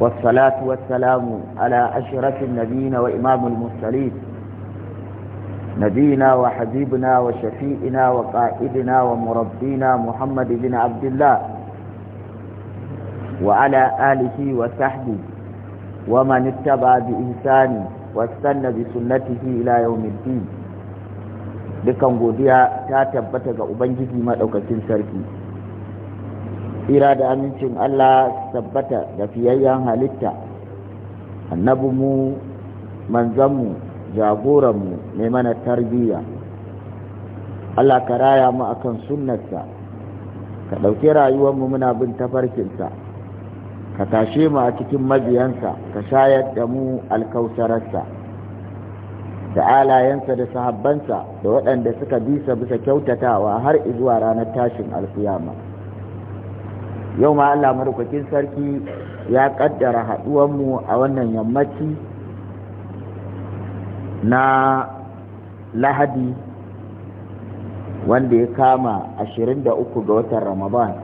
والصلاة والسلام على أشرف النبيين وإمام المرسلين نبينا وحبيبنا وشفيئنا وقائدنا ومربينا محمد بن عبد الله وعلى آله وصحبه ومن اتبع بإنسان واستنى بسنته إلى يوم الدين dukan godiya ta tabbata ga ubangiji maɗaukacin sarki tsira da amincin Allah tabbata da fiyayyen halitta annabinmu manzanmu jagoranmu mai mana tarbiyya Allah ka raya mu akan sunnarsa ka ɗauki rayuwarmu muna bin tafarkinsa ka tashe mu a cikin mabiyansa ka shayar da mu alkausararsa da alayensa da sahabbansa da waɗanda suka bisa bisa kyautatawa har izuwa ranar tashin alkiyama. yau ma Allah madaukakin sarki ya kaddara haɗuwanmu a wannan yammaci na lahadi wanda ya kama 23 ga watan ramadan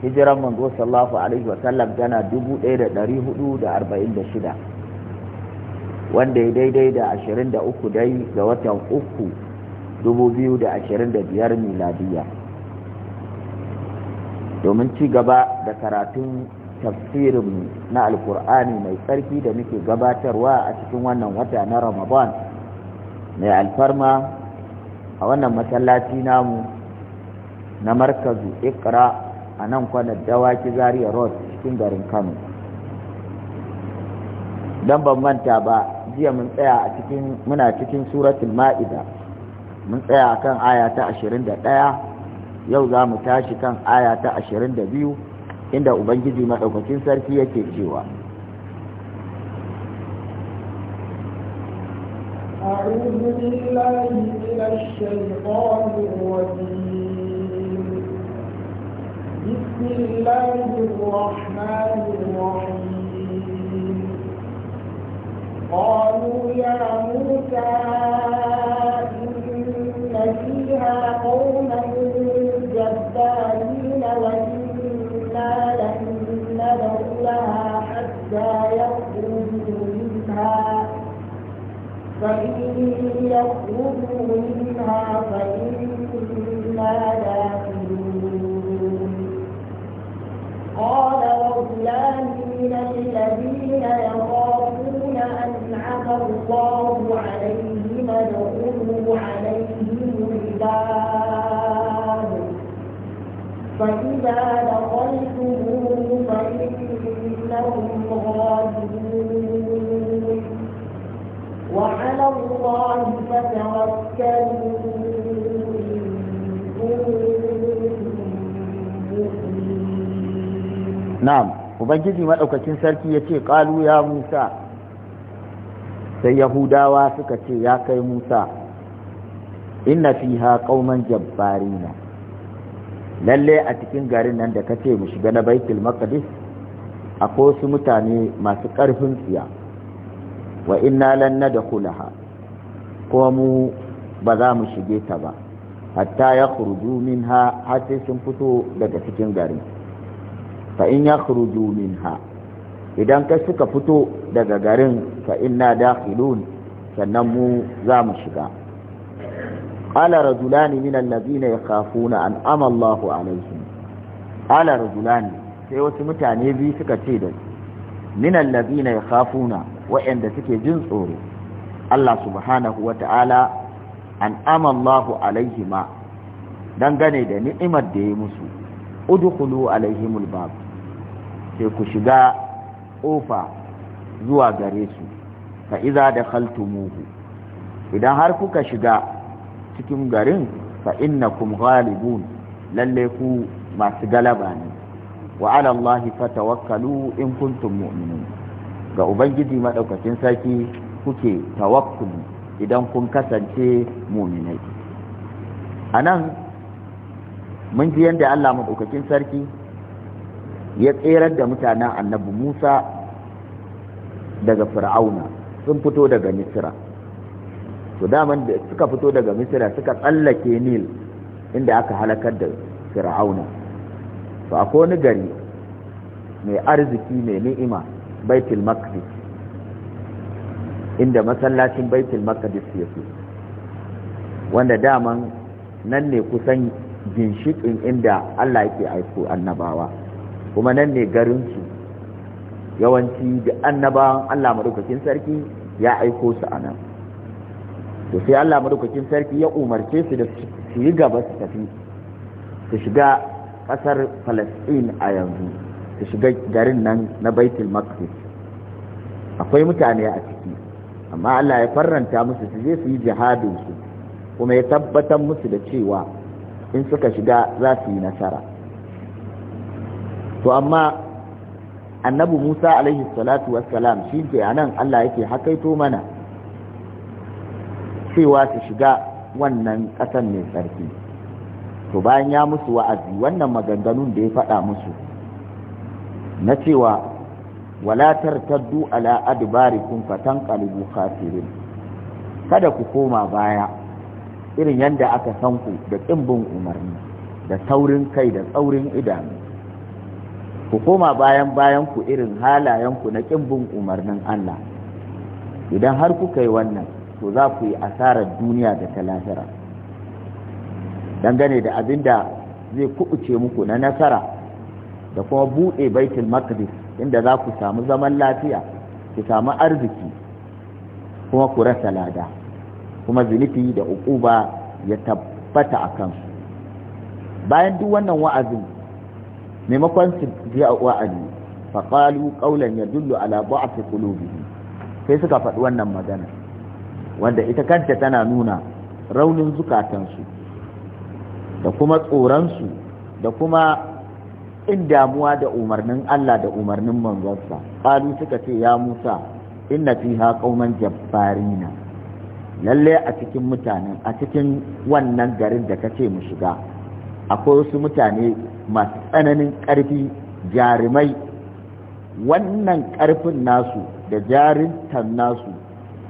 hijiran manzo sallallahu alaihi sallam tana 1446 wanda ya daidai da 23 dai ga watan 3 2025 miladiyya domin ci gaba da karatun tafsirin na alkur'ani mai tsarki da muke gabatarwa a cikin wannan wata na ramadan mai alfarma a wannan masallaci namu na markazu ikra a nan kwanar dawaki zariya road cikin garin kano don ban manta ba jiya mun tsaya a cikin muna cikin suratul ma'ida mun tsaya a akan aya ta ɗaya. yau za mu tashi kan aya ta ashirin da biyu inda ubangiji maɗaukacin sarki yake cewa أعوذ بالله بسم الله الرحمن الرحيم قالوا يا فإن يخرجوا منها فإنا داخلون قال رجلان من الذين يخافون أنعم الله عليهم ادخلوا عليهم الباب فإذا دخلتموه فإنهم غادرون الله فتوكلوا Na'am, Ubangiji maɗaukacin sarki ya ce, ƙalu ya Musa, sai Yahudawa suka ce, ya kai Musa, inna fiha ƙauman jabbarina. lalle a cikin garin nan da ka ce mu shiga na baitul maqdis akwai su mutane masu ƙarfin tsiya wa inna lan nadkhulaha ko mu ba za mu shige ta ba hatta ya khuruju minha har sai sun fito daga cikin gari fa in ya khuruju minha idan ka suka fito daga garin fa inna dakhilun sannan mu za mu shiga ala rajulani min allazina yakhafuna an amallahu alaihim ala rajulani sai wasu mutane biyu suka ce da min waɗanda suke jin tsoro Allah subhanahu wa ta'ala an amallahu alaihima dangane da ni'imar da ya musu udukulu alaihimul bab sai ku shiga ƙofa zuwa gare su fa iza dakhaltumuhu idan har kuka shiga cikin garin fa innakum ghalibun lalle ku masu galaba ne wa ala allahi fatawakkalu in kuntum mu'minin ga ubangiji maɗaukacin sarki kuke tawakkuli idan kun kasance muminai a nan mun ji yadda allah maɗaukacin sarki ya tserar da mutanen annabi musa daga fir'auna sun fito daga misira to daman da suka fito daga misira suka tsallake nil inda aka halakar da fir'auna to akwai wani gari mai arziki mai ni'ima baitul maqdis inda masallacin baitul maqdis yake wanda daman nan ne kusan ginshikin inda Allah yake aiko annabawa kuma nan ne garinsu yawanci da annabawan Allah madaukakin sarki ya aiko su a nan to sai Allah madaukakin sarki ya umarce su da su yi gaba su tafi su shiga ƙasar Falasɗin a yanzu su shiga garin nan na baitul maqdis akwai mutane a ciki amma Allah ya farranta musu su je su yi jihadin su kuma ya tabbatar musu da cewa in suka shiga za su yi nasara to amma annabi Musa alaihi salatu wassalam shi ke anan Allah yake hakaito mana cewa su shiga wannan ƙasan mai tsarki to bayan ya musu wa'azi wannan maganganun da ya faɗa musu na cewa wala tartaddu ala adbarikum fatanqalibu kafirin kada ku koma baya irin yadda aka san ku da ƙimbin umarni da saurin kai da tsaurin idanu ku koma bayan bayan ku irin halayen ku na ƙimbin umarnin Allah idan har kuka yi wannan to za ku yi asarar duniya da ta lahira dangane da abin da zai kuɓuce muku na nasara da kuma buɗe baitul maqdis inda za ku samu zaman lafiya ku samu arziki kuma ku rasa lada kuma zunufi da uquba ya tabbata a kansu bayan duk wannan wa'azin maimakon su ji wa'adi fa qalu ya dullu ala ba'afi qulubihim sai suka faɗi wannan magana wanda ita kanta tana nuna raunin zukatansu da kuma tsoronsu da kuma in damuwa da umarnin Allah da umarnin manzonsa ƙalu suka ce ya Musa inna fiha qauman jabbarina lalle a cikin mutanen a cikin wannan garin da ka ce mu shiga akwai wasu mutane masu tsananin ƙarfi jarumai wannan ƙarfin nasu da jarintan nasu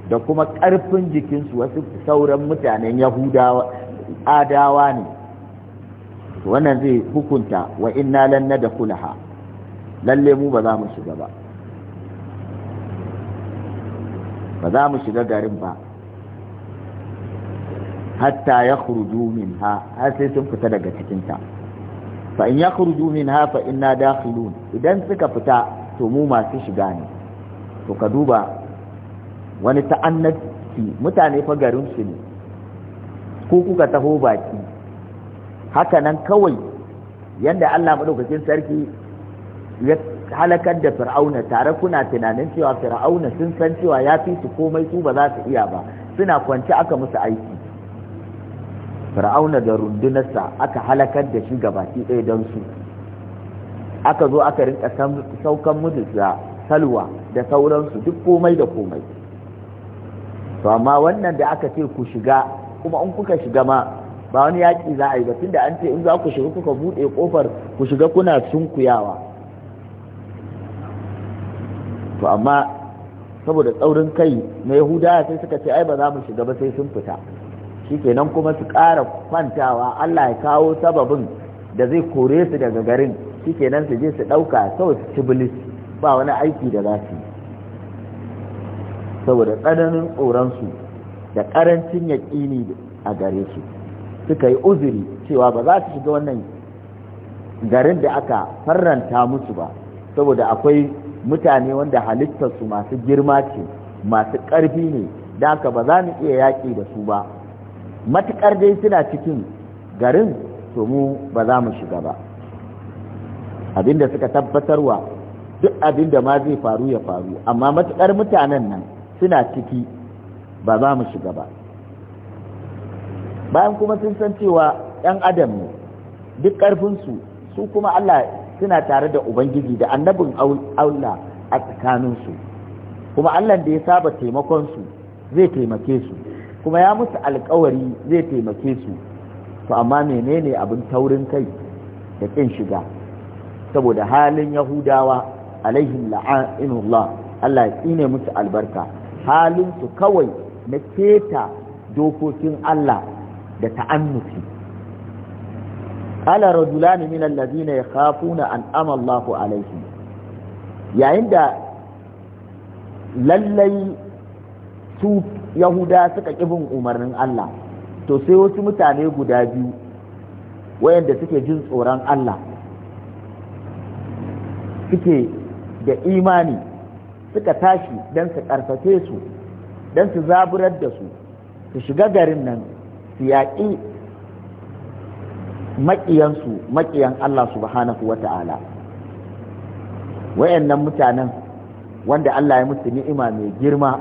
da kuma ƙarfin jikinsu wasu sauran mutanen yahudawa adawa ne to wannan zai hukunta wa inna lan kulaha, lalle mu ba za mu shiga ba ba za mu shiga garin ba hatta ya min ha, har sai sun fita daga cikinta fa in ya min ha, fa inna dakhilun idan suka fita to mu masu shiga ne to ka duba wani ta'annati mutane fa garin su ne ko kuka taho baki haka nan kawai yadda Allah maɗaukakin sarki ya halakar da fir'auna tare kuna tunanin cewa fir'auna sun san cewa ya fi su komai su ba za su iya ba suna kwance aka musu aiki fir'auna da rundunarsa aka halakar da shi gabaki ɗaya don su aka zo aka rinka saukan musu da salwa da sauransu duk komai da komai to amma wannan da aka ce ku shiga kuma in kuka shiga ma ba wani yaƙi za a yi ba da an ce in za ku shiga kuka buɗe ƙofar ku shiga kuna sunkuyawa to amma saboda tsaurin kai na yahudawa sai suka ce ai ba za mu shiga ba sai sun fita shikenan kuma su ƙara kwantawa allah ya kawo sababin da zai kore su daga garin shikenan su je su ɗauka sau su ci ba wani aiki da za su yi saboda tsananin tsoronsu da ƙarancin yaƙini a gare su suka yi uzuri cewa ba za su shiga wannan garin da aka farranta musu ba saboda akwai mutane wanda halittarsu masu girma ce masu ƙarfi ne da aka ba za mu iya yaƙi da su ba matuƙar dai suna cikin garin to mu ba za mu shiga ba abinda suka tabbatarwa duk abinda ma zai faru ya faru amma matuƙar mutanen nan suna ciki ba za mu shiga ba bayan kuma sun san cewa 'yan adam ne duk ƙarfinsu su kuma Allah suna tare da ubangiji da annabin Allah a tsakaninsu kuma Allah da ya saba taimakonsu zai taimake su kuma ya musu alkawari zai taimake su to amma menene abin taurin kai da ƙin shiga saboda halin yahudawa alaihim la'anullah Allah ya musu albarka halinsu kawai na keta dokokin Allah da ta'annufi ala rajulan min alladhina yakhafuna an Allahu alaihim yayin da lallai su yahuda suka kibin umarnin Allah to sai wasu mutane guda biyu wayanda suke jin tsoron Allah suke da imani suka tashi don su karfafe su don su zaburar da su su shiga garin nan su yaƙi maƙiyansu maƙiyan Allah subhanahu wa ta'ala wayannan mutanen wanda Allah ya musu ni'ima mai girma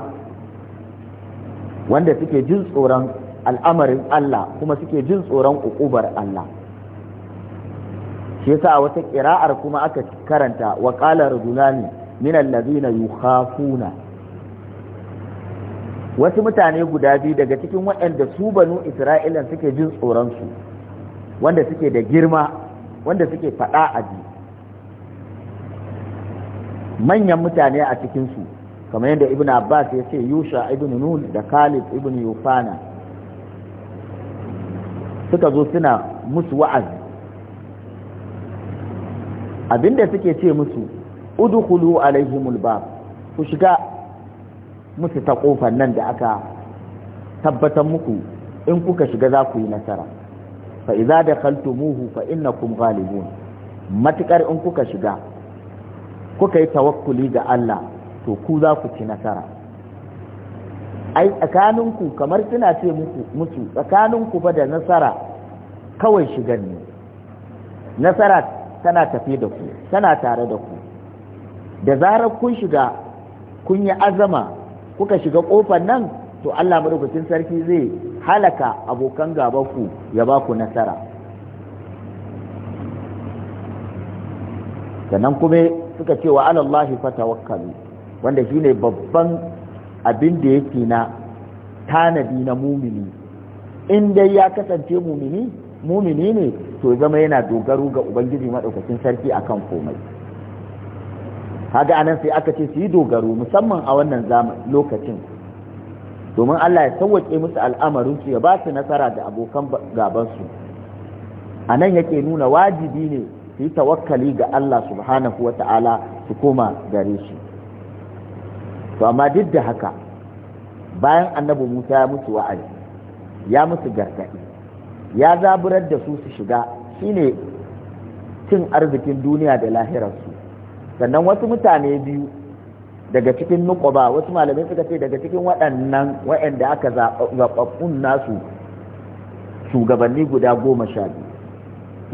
wanda suke jin tsoron al'amarin Allah kuma suke jin tsoron uƙubar Allah shi yasa wata ƙira'ar kuma aka karanta wa qala rajulani min allazina yukhafuna wasu mutane guda biyu daga cikin waɗanda su banu isra'ila suke jin tsoronsu wanda suke da girma wanda suke faɗa a ji manyan mutane a cikinsu kamar yadda ibn abbas ya ce yusha ibn nun da khalid ibn yufana suka zo suna musu wa'azi abinda suke ce musu udkhulu alaihimul bab ku shiga musu ta kofar nan da aka tabbatar muku in kuka shiga za ku yi nasara fa idza dakhaltumuhu fa innakum ghalibun matukar in kuka shiga kuka yi tawakkuli ga Allah to ku za ku ci nasara ai tsakaninku kamar suna ce muku musu tsakaninku fa da nasara kawai shigan ne nasara tana tafe da ku tana tare da ku da zarar kun shiga kun yi azama kuka shiga kofar nan to Allah madaukakin sarki zai halaka abokan gabanku ya ba ku nasara sannan kuma suka ce wa alallahi fatawakkalu wanda shine babban abin da yake na tanadi na mumini in dai ya kasance mumini mumini ne to zama yana dogaro ga ubangiji madaukakin sarki akan komai kaga anan sai aka ce su yi dogaro musamman a wannan lokacin domin Allah ya sauwaƙe musu al'amarin su ya ba su nasara da abokan gaban su anan yake nuna wajibi ne su yi tawakkali ga Allah subhanahu wa ta'ala su koma gare shi to amma duk da haka bayan annabi Musa ya musu wa'azi ya musu gargaɗi ya zaburar da su su shiga shine cin arzikin duniya da lahirarsu sannan wasu mutane biyu daga cikin nukuba wasu malamai suka ce daga cikin waɗannan waɗanda aka zaɓaɓɓun nasu shugabanni guda goma sha biyu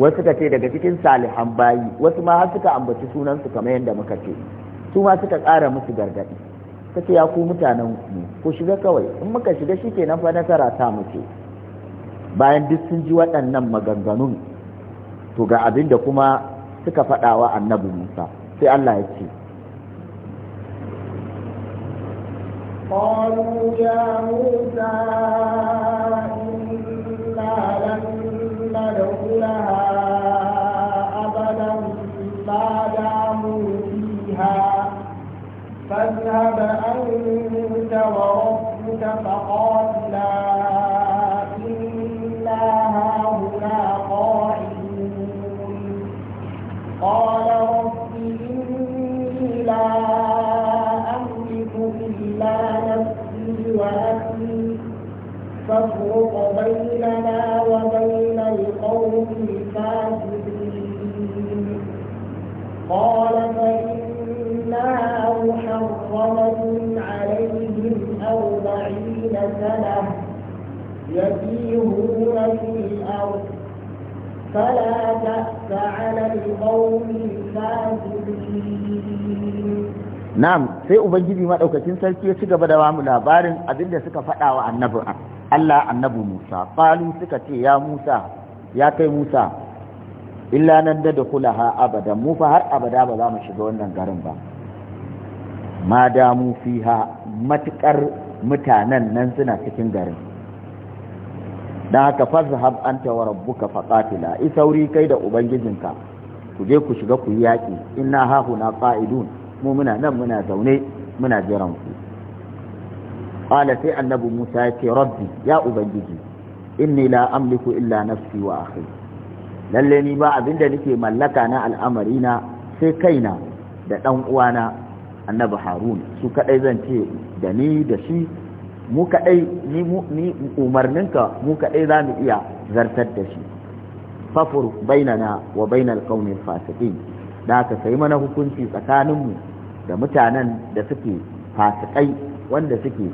wasu suka ce daga cikin salihan bayi wasu ma har suka ambaci sunansu kamar yadda muka ce su ma suka ƙara musu gargaɗi ta ce ya ku mutanen mu ku shiga kawai in muka shiga shi ke nan fa nasara ta muke bayan duk sun ji waɗannan maganganun to ga abin da kuma suka faɗawa annabi musa sai Allah ya ce قالوا يا موسى إنا لن ندخلها أبدا ما داموا فيها فاذهب أنت وربك فقاتلا إنا هاهنا قاعدون قال وأخي فافرق بيننا وبين القوم الفاسقين قال فإنها محرمة عليهم أربعين سنة يتيهون في الأرض فلا تأس على القوم الفاسقين na'am sai ubangiji maɗaukacin sarki ya ci gaba da bamu labarin abin da suka faɗa wa annabi Allah annabi Musa falu suka ce ya Musa ya kai Musa illa nan da kulaha abada mu fa har abada ba za mu shiga wannan garin ba ma da mu fiha matukar mutanen nan suna cikin garin dan haka fazhab anta wa rabbuka qatila isauri kai da ubangijinka ku je ku shiga ku yi yaki inna hahu na qa'idun mu muna nan muna zaune muna jiran ku qala sai annabi Musa ya ce rabbi ya ubangiji inni la amliku illa nafsi wa akhi lalle ni ba abinda nake mallaka na al'amari na sai kaina da dan uwana annabi Harun su kadai zan ce da ni da shi mu kadai ni ni umarninka mu kadai za mu iya zartar da shi fafur bainana wa bainal qaumil fasiqin da ka sai mana hukunci tsakaninmu da mutanen da suke fasikai wanda suke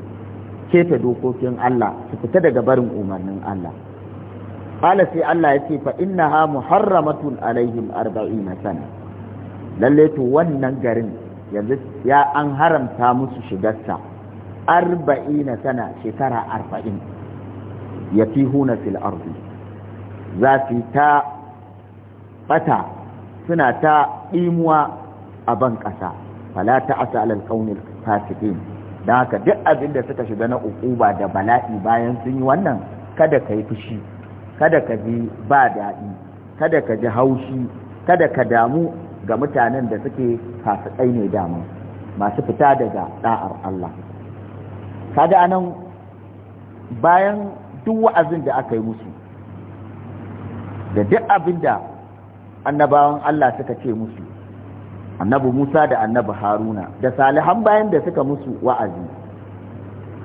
keta dokokin Allah su fita daga barin umarnin Allah Fale sai Allah ya ce fa inna ha muharramatun alaihim 40 sana lalle to wannan garin yanzu ya an haramta musu shigarsa arba'ina sana shekara arba'in ya fi huna fil ardi za su ta bata suna ta ɗimuwa a ban ƙasa fala ta'asa alal qaumil fasiqin da haka duk abin da suka shiga na ukuba da bala'i bayan sun yi wannan kada ka yi fushi kada ka ji ba daɗi kada ka ji haushi kada ka damu ga mutanen da suke fasikai ne dama masu fita daga da'ar Allah kaga anan bayan duk wa'azin da aka yi musu da duk abin da annabawan Allah suka ce musu annabi Musa da annabi Haruna da salihan bayan da suka musu wa'azi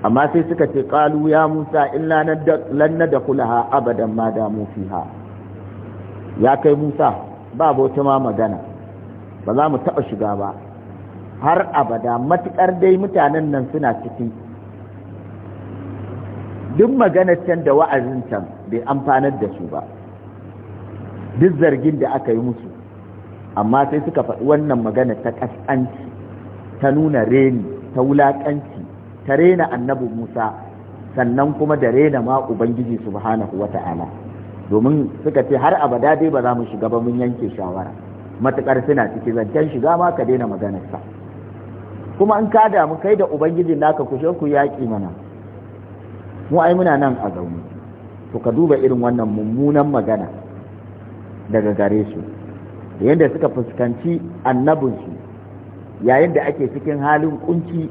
amma sai suka ce qalu ya Musa illa lan nadkhulaha abadan ma damu fiha ya kai Musa ba wata ma magana ba za mu taɓa shiga ba har abada matuƙar dai mutanen nan suna cikin duk magana can da wa'azin can bai amfanar da su ba duk zargin da aka yi musu amma sai suka faɗi wannan magana ta ƙasƙanci ta nuna reni ta wulaƙanci ta rena annabi musa sannan kuma da rena ma ubangiji subhanahu wa ta'ala domin suka ce har abada dai ba za mu shiga ba mun yanke shawara matuƙar suna ciki zancen shiga ma ka daina maganarsa kuma in ka damu kai da ubangijin naka ku ku yaƙi mana mu ai muna nan a zaune to ka duba irin wannan mummunan magana daga gare su yadda suka fuskanci annabinsu yayin da ake cikin halin kunci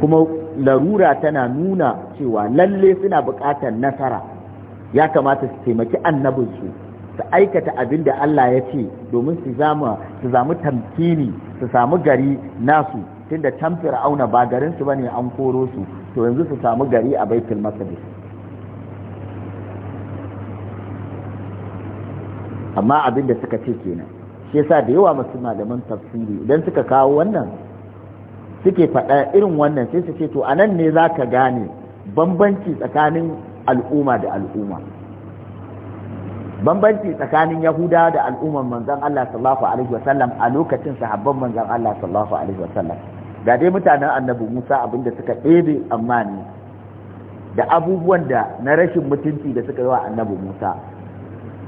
kuma larura tana nuna cewa lalle suna buƙatar nasara ya kamata su taimaki annabinsu su aikata abin da Allah ya ce domin su zamu tamkini su samu gari nasu tunda tamfir auna ba garinsu bane an koro su to yanzu su samu gari a baitul maqdis amma abin da suka ce kenan shi yasa da yawa masu malaman tafsiri idan suka kawo wannan suke faɗa irin wannan sai su ce to a nan ne za ka gane bambanci tsakanin al'umma da al'umma bambanci tsakanin yahuda da al'umman manzan Allah sallallahu alaihi wasallam a lokacin sahabban manzan Allah sallallahu alaihi wasallam ga dai mutanen annabi Musa abinda suka ɗebe amma ne da abubuwan da na rashin mutunci da suka yi wa annabi Musa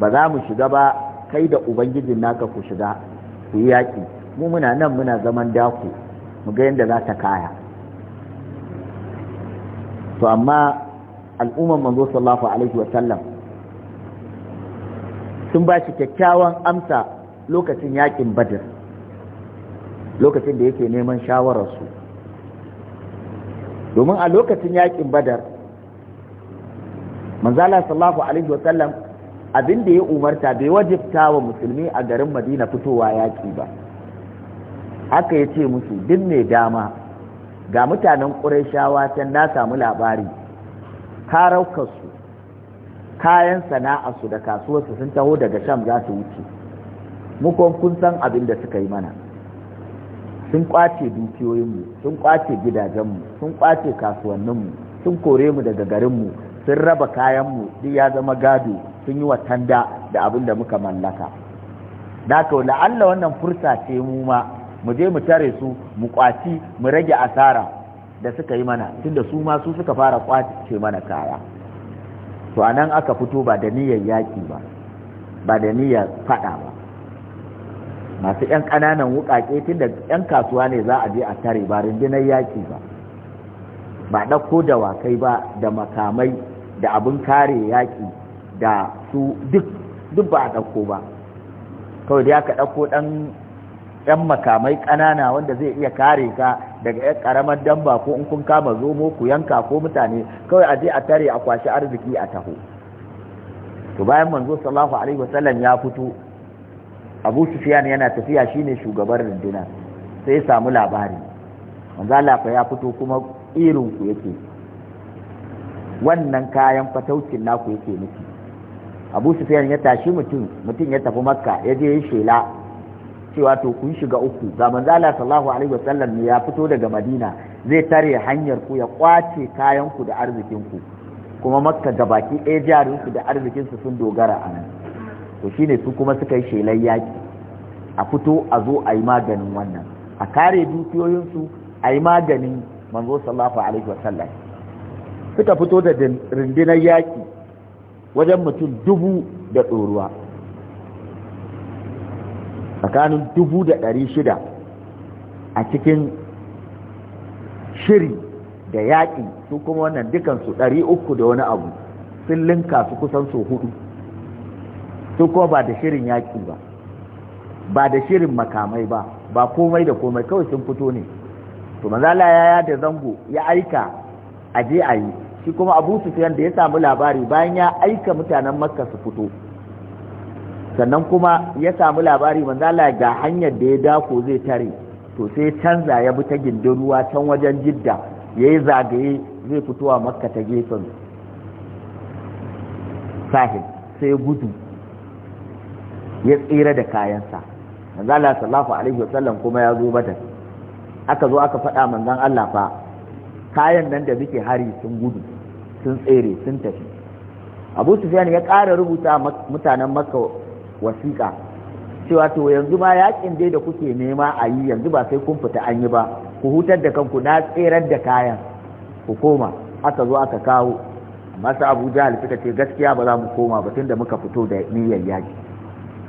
ba za mu shiga ba kai da ubangijin naka ku shiga ku yi yaƙi mu muna nan muna zaman daku mu ga yadda za ta kaya to amma al'umman manzo sallallahu alaihi wa sallam sun ba shi kyakkyawan amsa lokacin yaƙin badr lokacin da yake neman shawararsu domin a lokacin yaƙin badar manzala sallallahu alaihi wa sallam abin da ya umarta bai wajibta wa musulmi a garin madina fitowa yaƙi ba haka ya ce musu duk mai dama ga mutanen ƙurashawa can na samu labari karaukarsu kayan sana'arsu da kasuwarsu sun taho daga sham za su wuce mukon kun san abin da suka yi mana sun kwace dukiyoyinmu sun kwace gidajenmu sun kwace kasuwanninmu sun kore mu daga garinmu sun raba kayanmu duk ya zama gado sun yi watan da abin da muka mallaka Na to la'alla wannan fursa ce mu ma mu je mu tare su mu kwaci mu rage asara da suka yi mana tunda su ma su suka fara ƙwace mana kaya to a nan aka fito ba da niyyar yaki ba ba da niyyar fada ba masu yan ƙananan wuƙaƙe tunda yan kasuwa ne za a je a tare ba rundunar yaƙi ba ba ɗauko da dawakai ba da makamai da abin kare yaƙi. da su duk duk ba a ɗauko ba kawai da aka ɗauko ɗan ɗan makamai ƙanana wanda zai iya kare ka daga ƴan ƙaramar damba ko in kun kama zomo ku yanka ko mutane kawai a je a tare a kwashi arziki a taho to bayan manzo sallallahu alaihi wasallam ya fito abu sufyan yana tafiya shine shugaban rundunar sai ya samu labari manzo Allah ya fito kuma irin ku yake wannan kayan fataucin naku yake nufi abu sufiyan ya tashi mutum mutum ya tafi makka ya je ya shela cewa to kun shiga uku ga manzo Allah sallallahu alaihi wasallam ne ya fito daga Madina zai tare hanyar ku ya kwace kayan ku da arzikin ku kuma makka gabaki ɗaya jarin ku da arzikin su sun dogara a nan to shine su kuma suka yi shelar yaki a fito a zo a yi maganin wannan a kare dukiyoyin su a yi maganin manzo sallallahu alaihi wasallam suka fito da rundunar yaki wajen mutum dubu da ɗoruwa tsakanin dubu da ɗari shida a cikin shiri da yaƙi su kuma wannan dukansu ɗari uku da wani abu sun linka su kusan su hudu su kuma ba da shirin yaƙi ba ba da shirin makamai ba ba komai da komai kawai sun fito ne to manzala ya ya da zango ya aika a je a yi shi kuma abu sufyan da ya samu labari bayan ya aika mutanen makka su fito sannan kuma ya samu labari manzo ga hanyar da ya dako zai tare to sai canza ya bi ta gindin ruwa can wajen jidda ya yi zagaye zai fitowa makka ta gefen sahil sai gudu ya tsira da kayansa manzo Allah alaihi wasallam kuma ya zo badar aka zo aka faɗa zan Allah fa kayan nan da muke hari sun gudu sun tsere sun tafi abu sufyan ya ƙara rubuta mutanen maka wasiƙa cewa to yanzu ma yakin dai da kuke nema a yi yanzu ba sai kun fita an yi ba ku hutar da kanku na tserar da kayan ku koma aka zo aka kawo amma su abu jahal suka ce gaskiya ba za mu koma ba tun da muka fito da niyyar yaki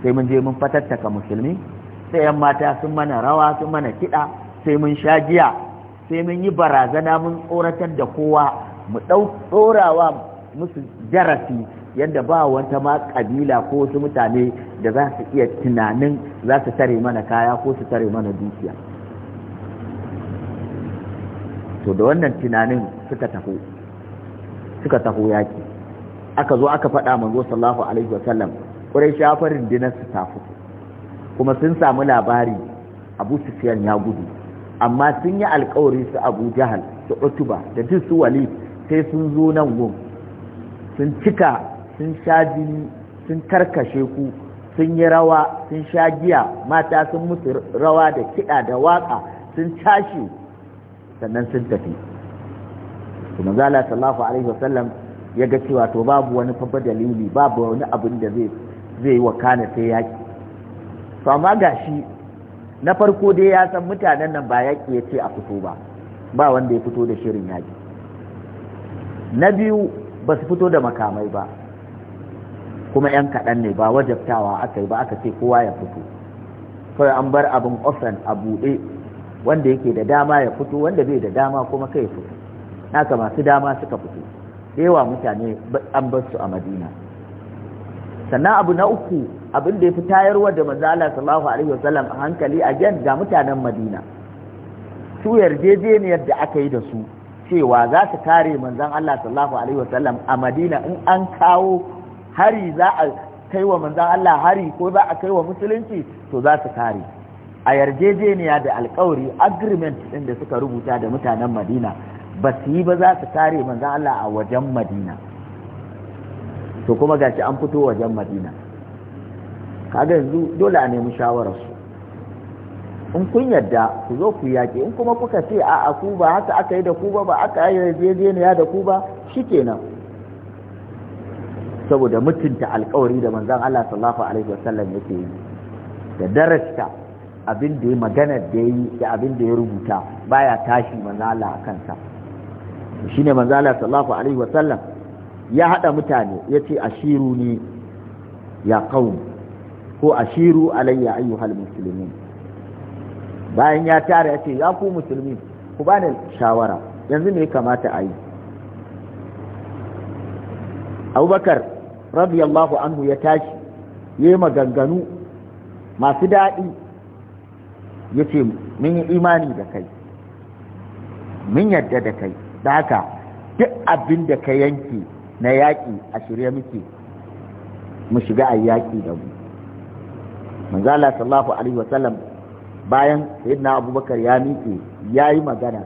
sai mun je mun fatattaka musulmi sai yan mata sun mana rawa sun mana kiɗa sai mun sha giya sai mun yi barazana mun tsoratar da kowa mu ɗorawa musu jarafi yadda ba wata ma ƙabila ko wasu mutane da za su iya tunanin za su tare mana kaya ko su tare mana dukiya to da wannan tunanin suka taho suka taho yaki aka zo aka faɗa manzo sallahu alaihi wasallam kurai shafar rundunar su ta kuma sun samu labari abu sufyan ya gudu amma sun yi alkawari su abu jahal su utuba da duk su walid sai sun zo nan gun sun cika sun sha jini sun karkashe ku sun yi rawa sun sha giya mata sun musu rawa da kiɗa da waƙa sun tashi sannan sun tafi kuma zala sallahu alaihi wasallam ya ga cewa to babu wani fafa dalili babu wani abin da zai zai kana sai yaƙi to amma gashi na farko dai ya san mutanen nan ba yaƙi ya ce a fito ba ba wanda ya fito da shirin yaƙi na biyu ba su fito da makamai ba kuma 'yan kaɗan ne ba wajabtawa aka yi ba aka ce kowa ya fito kawai an bar abin ofen a buɗe wanda yake da dama ya fito wanda bai da dama kuma kai ya fito naka masu dama suka fito yawa mutane an bar su a madina sannan abu na uku abin da ya fi tayarwa da mazala Allah sallallahu alaihi wasallam a hankali a ga mutanen madina su yarjejeniyar da aka yi da su cewa za su kare manzon Allah sallallahu alaihi wasallam a Madina in an kawo hari za a kai wa manzon Allah hari ko za a kai wa musulunci to za su kare a yarjejeniya da alkawari agreement ɗin da suka rubuta da mutanen Madina ba su yi ba za su kare manzon Allah a wajen Madina to kuma gashi an fito wajen Madina kaga yanzu dole a nemi shawararsu in kun yadda ku zo ku yaƙi in kuma kuka ce a ku ba haka aka yi da ku ba ba aka yi yarjejeniya da ku ba shi kenan. saboda mutunta alkawari da manzan Allah sallallahu alaihi wasallam yake yi da darasta abin da ya magana da ya yi da abin da ya rubuta baya tashi manzon Allah a kansa shine manzon Allah sallallahu alaihi wasallam ya haɗa mutane ya ce ashiru ne ya qaum ko ashiru alayya ayyuhal muslimin bayan ya tara ya ce ya ku musulmi ku bani shawara yanzu ne kamata a yi abubakar radiyallahu anhu ya tashi ya yi maganganu masu daɗi ya ce mun yi imani da kai mun yadda da kai da haka duk abin da ka yanke na yaƙi a shirya muke mu shiga a yaƙi da mu manzala sallallahu alaihi wasallam bayan sayyidina abubakar ya miƙe ya yi magana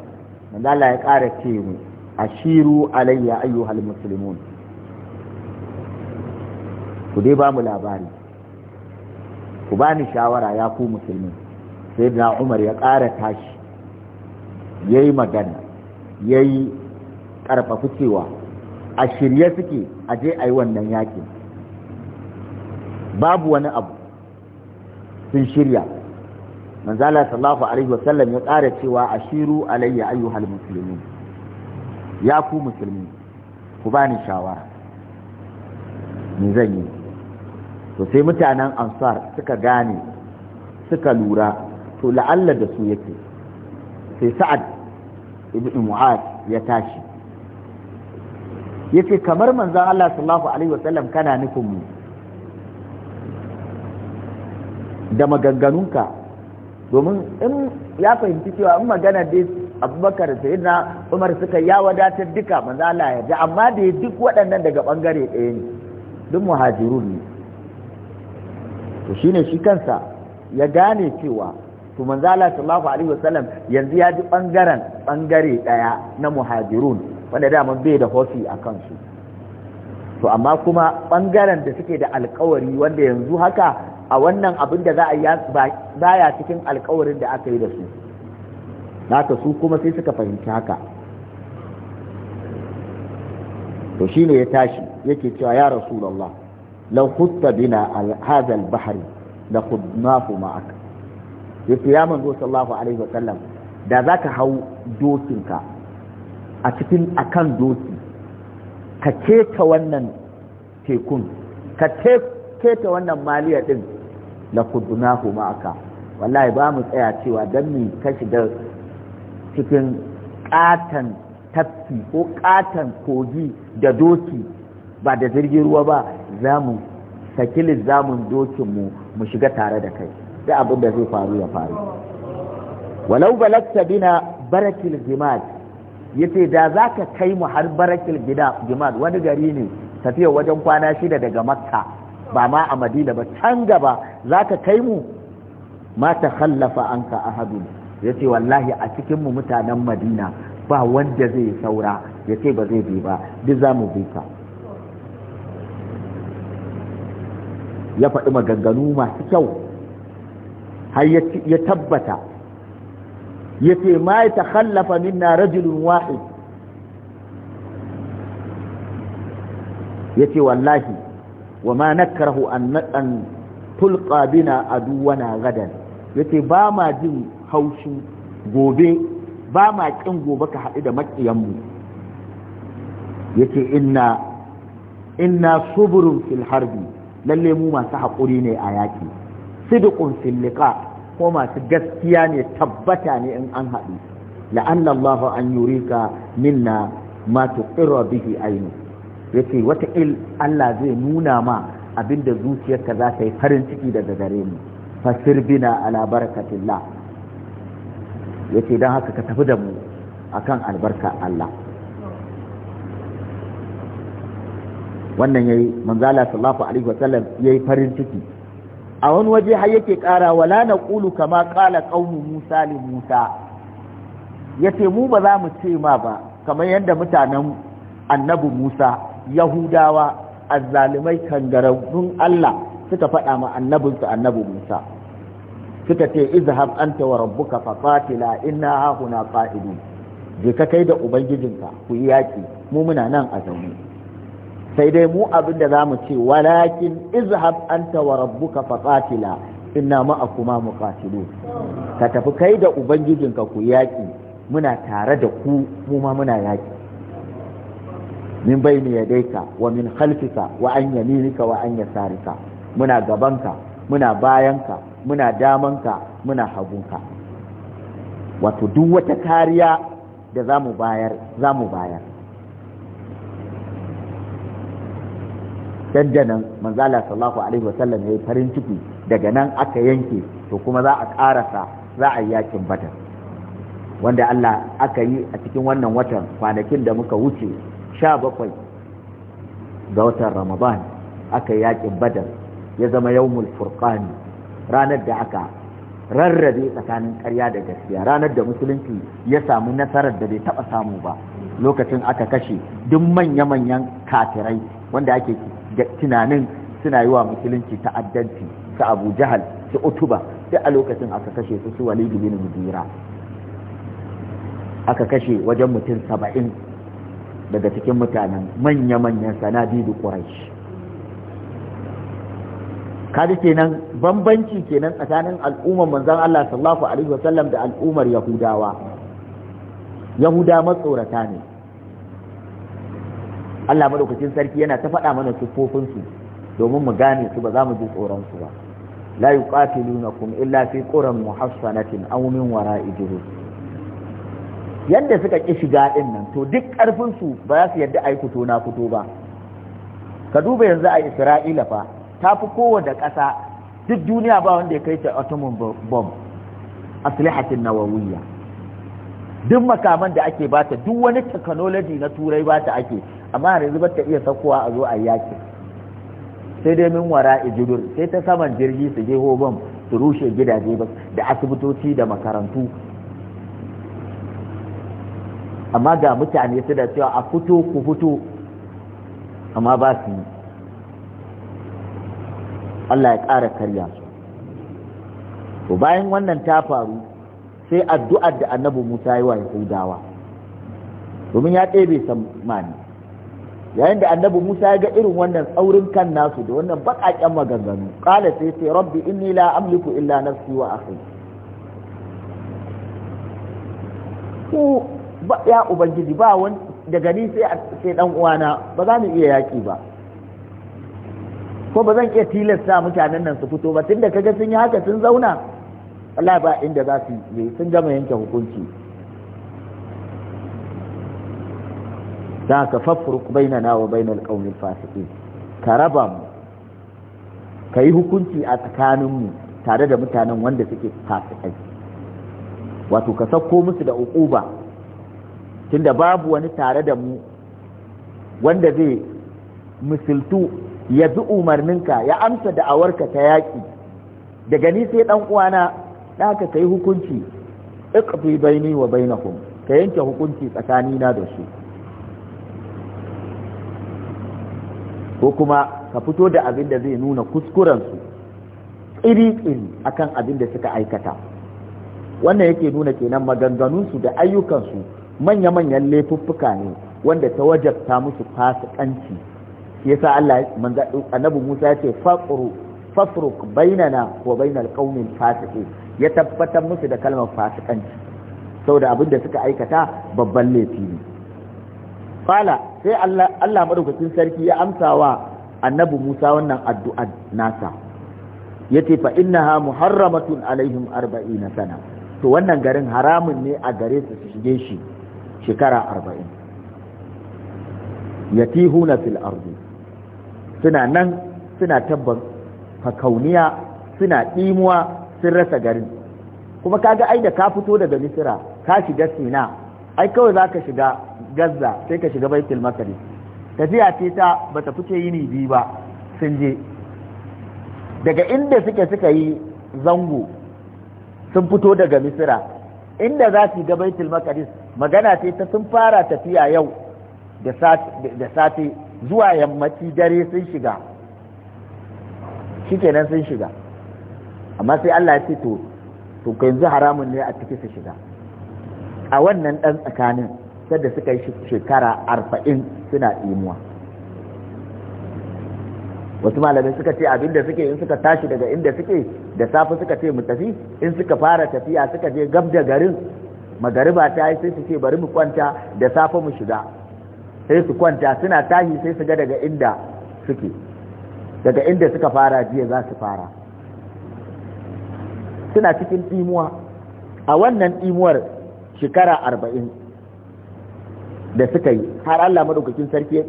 manzo Allah ya ƙara ce mu ashiru alayya ayyuhal muslimun ku dai ba mu labari ku ba ni shawara ya ku musulmi sayyidina Umar ya ƙara tashi ya yi magana ya yi ƙarfafi cewa a shirye suke a je a yi wannan yakin babu wani abu sun shirya manzala sallallahu alaihi wasallam ya ƙara cewa ashiru alayya ayyuhal muslimin ya ku musulmi ku bani shawara me zan yi to sai mutanen ansar suka gane suka lura to la'alla da su yake sai sa'ad ibn mu'ad ya tashi yace kamar manzan Allah sallallahu alaihi wasallam kana nufin mu da maganganunka domin in ya fahimci cewa in magana da abubakar sai na umar suka ya wadatar duka manzala ya ji amma da ya duk waɗannan daga ɓangare ɗaya ne duk muhajirun ne to shine shi kansa ya gane cewa to manzala sallallahu alaihi wasallam yanzu ya ji ɓangaren ɓangare ɗaya na muhajirun wanda dama bai da hosi a kansu to amma kuma ɓangaren da suke da alkawari wanda yanzu haka a wannan abin da za a yi baya cikin alkawarin da aka yi da su Na su kuma sai suka fahimci haka to shine ya tashi yake cewa ya rasulullah law khutta bina hadha al da la khudnahu ma'aka yace ya manzo Sallahu alaihi wa sallam da ka hau dokinka a cikin akan doki ka keta wannan tekun ka keta wannan maliyar din lakudunahu ma'aka wallahi ba mu tsaya cewa don mu ka shiga cikin katan tafki ko katan kogi da doki ba da jirgin ruwa ba za mu saki lizamin dokinmu mu shiga tare da kai da abin da zai faru ya faru walau balagta bina barakil gimad yace da zaka kai mu har barakil gimad wani gari ne tafiya wajen kwana shida daga makka ba ma a madina ba can gaba za ka kai mu ma ta hallafa an ka ahadu ya ce wallahi a cikinmu mutanen madina ba wanda zai saura ya ce ba zai bi ba duk za mu bi ka ya faɗi maganganu masu kyau har ya tabbata ya ce ma ya ta hallafa minna rajulun wahid ya ce wallahi wa ma nakrahu an an tulqa bina aduwana gadan yace ba ma jin haushi gobe ba ma kin gobe ka haɗu da maƙiyanmu yace inna inna suburun fil harbi lalle mu masu haƙuri ne a yaƙi sidqun fil liqa ko masu gaskiya ne tabbata ne in an haɗu la'anna an an yurika minna ma tuqirra bihi ainu yace wata il Allah zai nuna ma abinda zuciyarka za ta yi farin ciki daga gare mu fasir bina ala barakatillah yace dan haka ka tafi da mu akan albarka Allah wannan ya yi manzala sallallahu alaihi wasallam ya yi farin ciki a wani waje har yake kara wala kulu kama kala qaumu Musa li Musa yace mu ba za mu ce ma ba kamar yadda mutanen annabi Musa yahudawa azzalimai kangararrun Allah suka faɗa ma annabinsu annabi Musa suka ce izhab anta wa rabbuka fa qatila inna hahuna qa'idu je ka kai da ubangijinka ku yi yaki mu muna nan a zaune sai dai mu abin da zamu ce walakin izhab anta wa rabbuka fa qatila inna akuma muqatilu ka tafi kai da ubangijinka ku yaki muna tare da ku mu ma muna yaki min bayni yadayka wa min khalfika wa an yaminika wa an yasarika muna gabanka muna bayanka muna damanka muna hagunka wato duk wata kariya da za mu bayar za mu bayar dandanan manzala sallallahu alaihi wasallam ya yi farin ciki daga nan aka yanke to kuma za a karasa za a yi yakin batar wanda Allah aka yi a cikin wannan watan kwanakin da muka wuce sha bakwai ga watan ramadan aka yaƙin badar ya zama yawmul furqani ranar da aka rarrabe tsakanin ƙarya da gaskiya ranar da musulunci ya samu nasarar da bai taɓa samu ba lokacin aka kashe duk manya-manyan kafirai wanda ake tunanin suna yi wa musulunci ta'addanci su abu jahal su utuba duk a lokacin aka kashe su su walidu bin mudira aka kashe wajen mutum saba'in daga cikin mutanen manya-manyan sanadidu quraish kaji kenan bambanci kenan tsakanin al'ummar manzon Allah sallallahu alaihi wasallam da al'ummar yahudawa yahuda matsorata ne Allah madaukakin sarki yana ta faɗa mana siffofinsu domin mu gane su ba za mu ji tsoron su ba la yuqatilunakum illa fi quran muhassanatin aw min wara'i jurus yadda suka ƙi shiga ɗin nan to duk ƙarfinsu ba za su yadda a yi fito fito ba ka duba yanzu a isra'ila fa ta fi kowane ƙasa duk duniya ba wanda ya kai ta atomin bomb aslihatin nawawiyya duk makaman da ake bata duk wani technology na turai bata ake amma yanzu ba ta iya sakowa a zo a yaki sai dai min wara ijibir sai ta saman jirgi su je hobam su rushe gidaje da asibitoci da makarantu amma ga mutane su da cewa a fito ku fito amma ba su yi Allah ya ƙara karya su bayan wannan ta faru sai addu'ar da annabi Musa yi wa Yahudawa domin ya ɗebe samani yayin da annabi Musa ya ga irin wannan tsaurin kan nasu da wannan baƙaƙen maganganu ƙala sai sai rabbi inni la amliku illa nafsi wa akhi ya ubangiji ba wani daga ni sai sai dan uwana ba za mu iya yaki ba ko ba zan iya tilasta mutanen nan su fito ba tunda kaga sun yi haka sun zauna Allah ba inda za su yi sun gama yanke hukunci za ka baina na wa baina qaumil fasiqin ka raba mu ka yi hukunci a tsakaninmu tare da mutanen wanda suke fasikai wato ka sauko musu da uquba tunda babu wani tare da mu wanda zai misiltu ya bi umarninka ya amsa da'awarka ta yaƙi daga ni sai ɗan uwana ɗaka ka yi hukunci iqfi baini wa bainakum ka yanke hukunci na da su ko kuma ka fito da abin da zai nuna kuskurensu iri-iri akan abin da suka aikata wannan yake nuna kenan maganganunsu da ayyukansu manya-manyan laifuffuka ne wanda ta wajabta musu fasikanci shi yasa Allah manzo annabi Musa yace faqru fasruk bainana wa bainal qaumil fasiqin ya tabbatar musu da kalmar fasikanci saboda abin da suka aikata babban laifi ne fala sai Allah Allah madaukakin sarki ya amsa wa annabi Musa wannan addu'a nasa yace fa innaha muharramatun alaihim arba'ina sana to wannan garin haramun ne a gare su su shige shi shekara arba'in ya yatihuna fil ardi suna nan suna tabban fakauniya suna ɗimuwa sun rasa garin kuma kaga ai da ka fito daga misira ka shiga sina ai kawai za ka shiga gaza sai ka shiga baitul makari tafiya ce ta ba ta fice yini biyu ba sun je daga inda suke suka yi zango sun fito daga misira inda za su ga baitul makaris, magana ce ta sun fara tafiya yau da safe zuwa yammaci dare sun shiga shikenan sun shiga amma sai Allah ya ce to to yanzu haramun ne a ciki su shiga a wannan dan tsakanin sadda suka yi shekara arba'in suna imuwa wasu malamai suka ce abinda suke in suka tashi daga inda suke da safe suka ce mu tafi in suka fara tafiya suka je gab da garin magariba ta yi sai su ce bari mu kwanta da safe mu shiga sai su kwanta suna tashi sai su ga daga inda suke daga inda suka fara jiya za su fara suna cikin ɗimuwa a wannan ɗimuwar shekara arba'in da suka yi har Allah madaukakin sarki ya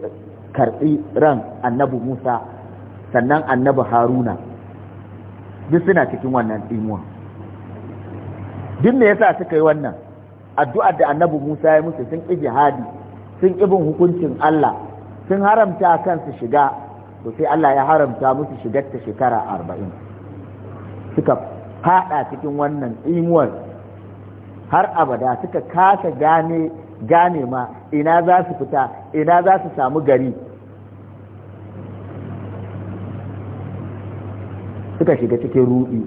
karɓi ran annabi Musa sannan annabi haruna duk suna cikin wannan tsimuwa duk me yasa suka yi wannan addu'ar da annabi musa ya musu sun ƙi hadi sun ibin hukuncin allah sun haramta kansu shiga to sai allah ya haramta musu shigar ta shekara arba'in suka fada cikin wannan tsimuwar har abada suka kasa gane gane ma ina za su fita ina za su samu gari suka shiga cikin ruɗi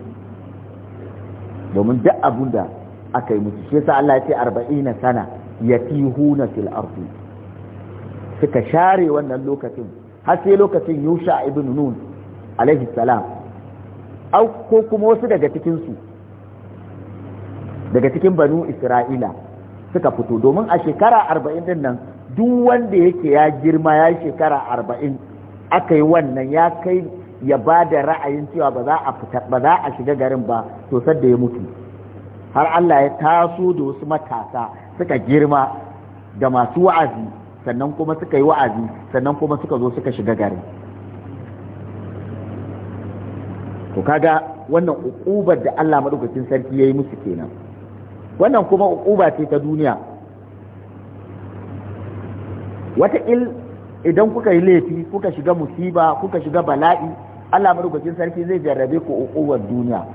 domin duk abin da aka yi musu shi yasa Allah ya ce arba'ina sana yatihuna fil ardi suka share wannan lokacin har sai lokacin Yusha ibn Nun alaihi salam au ko kuma wasu daga cikin su daga cikin banu Isra'ila suka fito domin a shekara arba'in din nan duk wanda yake ya girma ya shekara arba'in aka yi wannan ya kai ya ba da ra'ayin cewa ba za a fita ba za a shiga garin ba to da ya mutu har Allah ya taso da wasu matasa suka girma da masu wa'azi sannan kuma suka yi wa'azi sannan kuma suka zo suka shiga garin to kaga wannan uqubar da Allah madaukakin sarki ya yi musu kenan wannan kuma uquba ce ta duniya wata il idan kuka yi laifi kuka shiga musiba kuka shiga bala'i Allah madaukakin sarki zai jarrabe ku uquwar duniya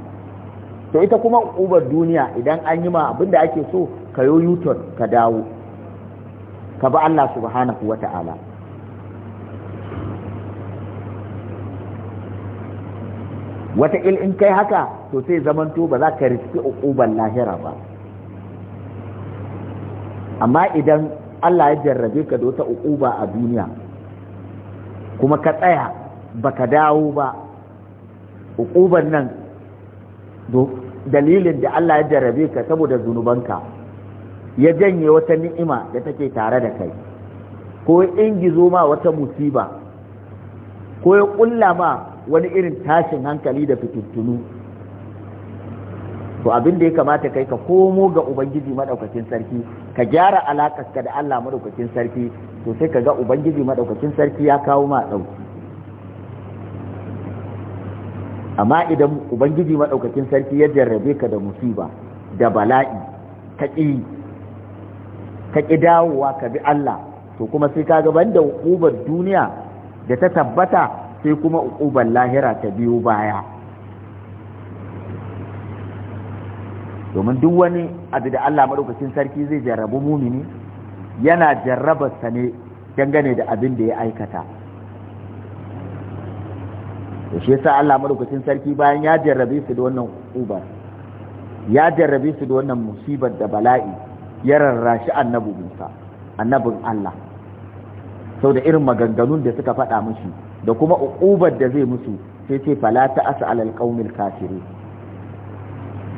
to ita kuma uquwar duniya idan an yi ma abin da ake so ka yo yuton ka dawo ka bi Allah subhanahu wata'ala wata il in kai haka to sai zamanto ba za ka riski uqubar lahira ba amma idan Allah ya jarrabe ka da wata uƙuba a duniya kuma ka tsaya baka dawo ba uquban nan dalilin da Allah ya jarabe ka saboda zunubanka ya janye wata ni'ima da take tare da kai ko ya gizo ma wata musiba ko ya ƙulla ma wani irin tashin hankali da fitintunu to abin da ya kamata kai ka komo ga ubangiji madaukakin sarki ka gyara ka da Allah madaukakin sarki to sai ka ga ubangiji madaukakin sarki ya kawo ma ɗauki amma idan ubangiji maɗaukakin sarki ya jarrabe ka da musiba da bala'i ka ƙi dawowa ka bi Allah to kuma sai ka gaban da uƙubar duniya da ta tabbata sai kuma uƙubar lahira ta biyo baya domin duk wani abu da Allah maɗaukakin sarki zai jarrabu mumini yana jarrabarsa ne dangane da abin da ya aikata to shi yasa Allah madaukakin sarki bayan ya jarrabe su da wannan uba ya jarrabe su da wannan musibar da bala'i ya rarrashi annabi Musa annabin Allah sau da irin maganganun da suka faɗa mushi da kuma uƙubar da zai musu sai ce fala ta asa alal qaumil kafire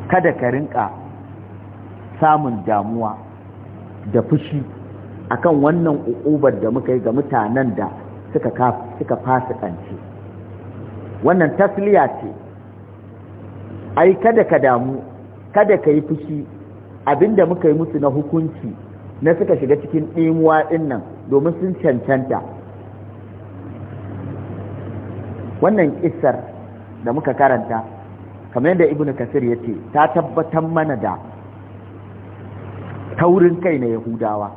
kada ka rinka samun damuwa da fushi akan wannan uƙubar da muka yi ga mutanen da suka suka ƙance. wannan tasliya ce ai kada ka damu kada ka yi fushi abinda muka yi musu na hukunci na suka shiga cikin ɗimuwa ɗin nan domin sun cancanta wannan kissar da muka karanta kamar yadda ibn kasir ya ce ta tabbatar mana da taurin kai na yahudawa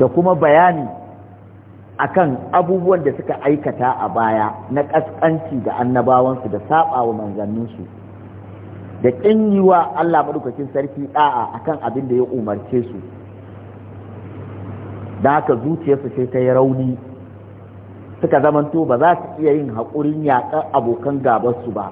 da kuma bayani akan abubuwan da suka aikata a baya na ƙasƙanci da annabawansu da saba wa manzanninsu da ƙin yi wa Allah maɗaukakin sarki ɗa'a akan abin da ya umarce su da haka zuciyarsu sai ta yi rauni suka zamanto ba za su iya yin haƙurin yaƙar abokan gabarsu ba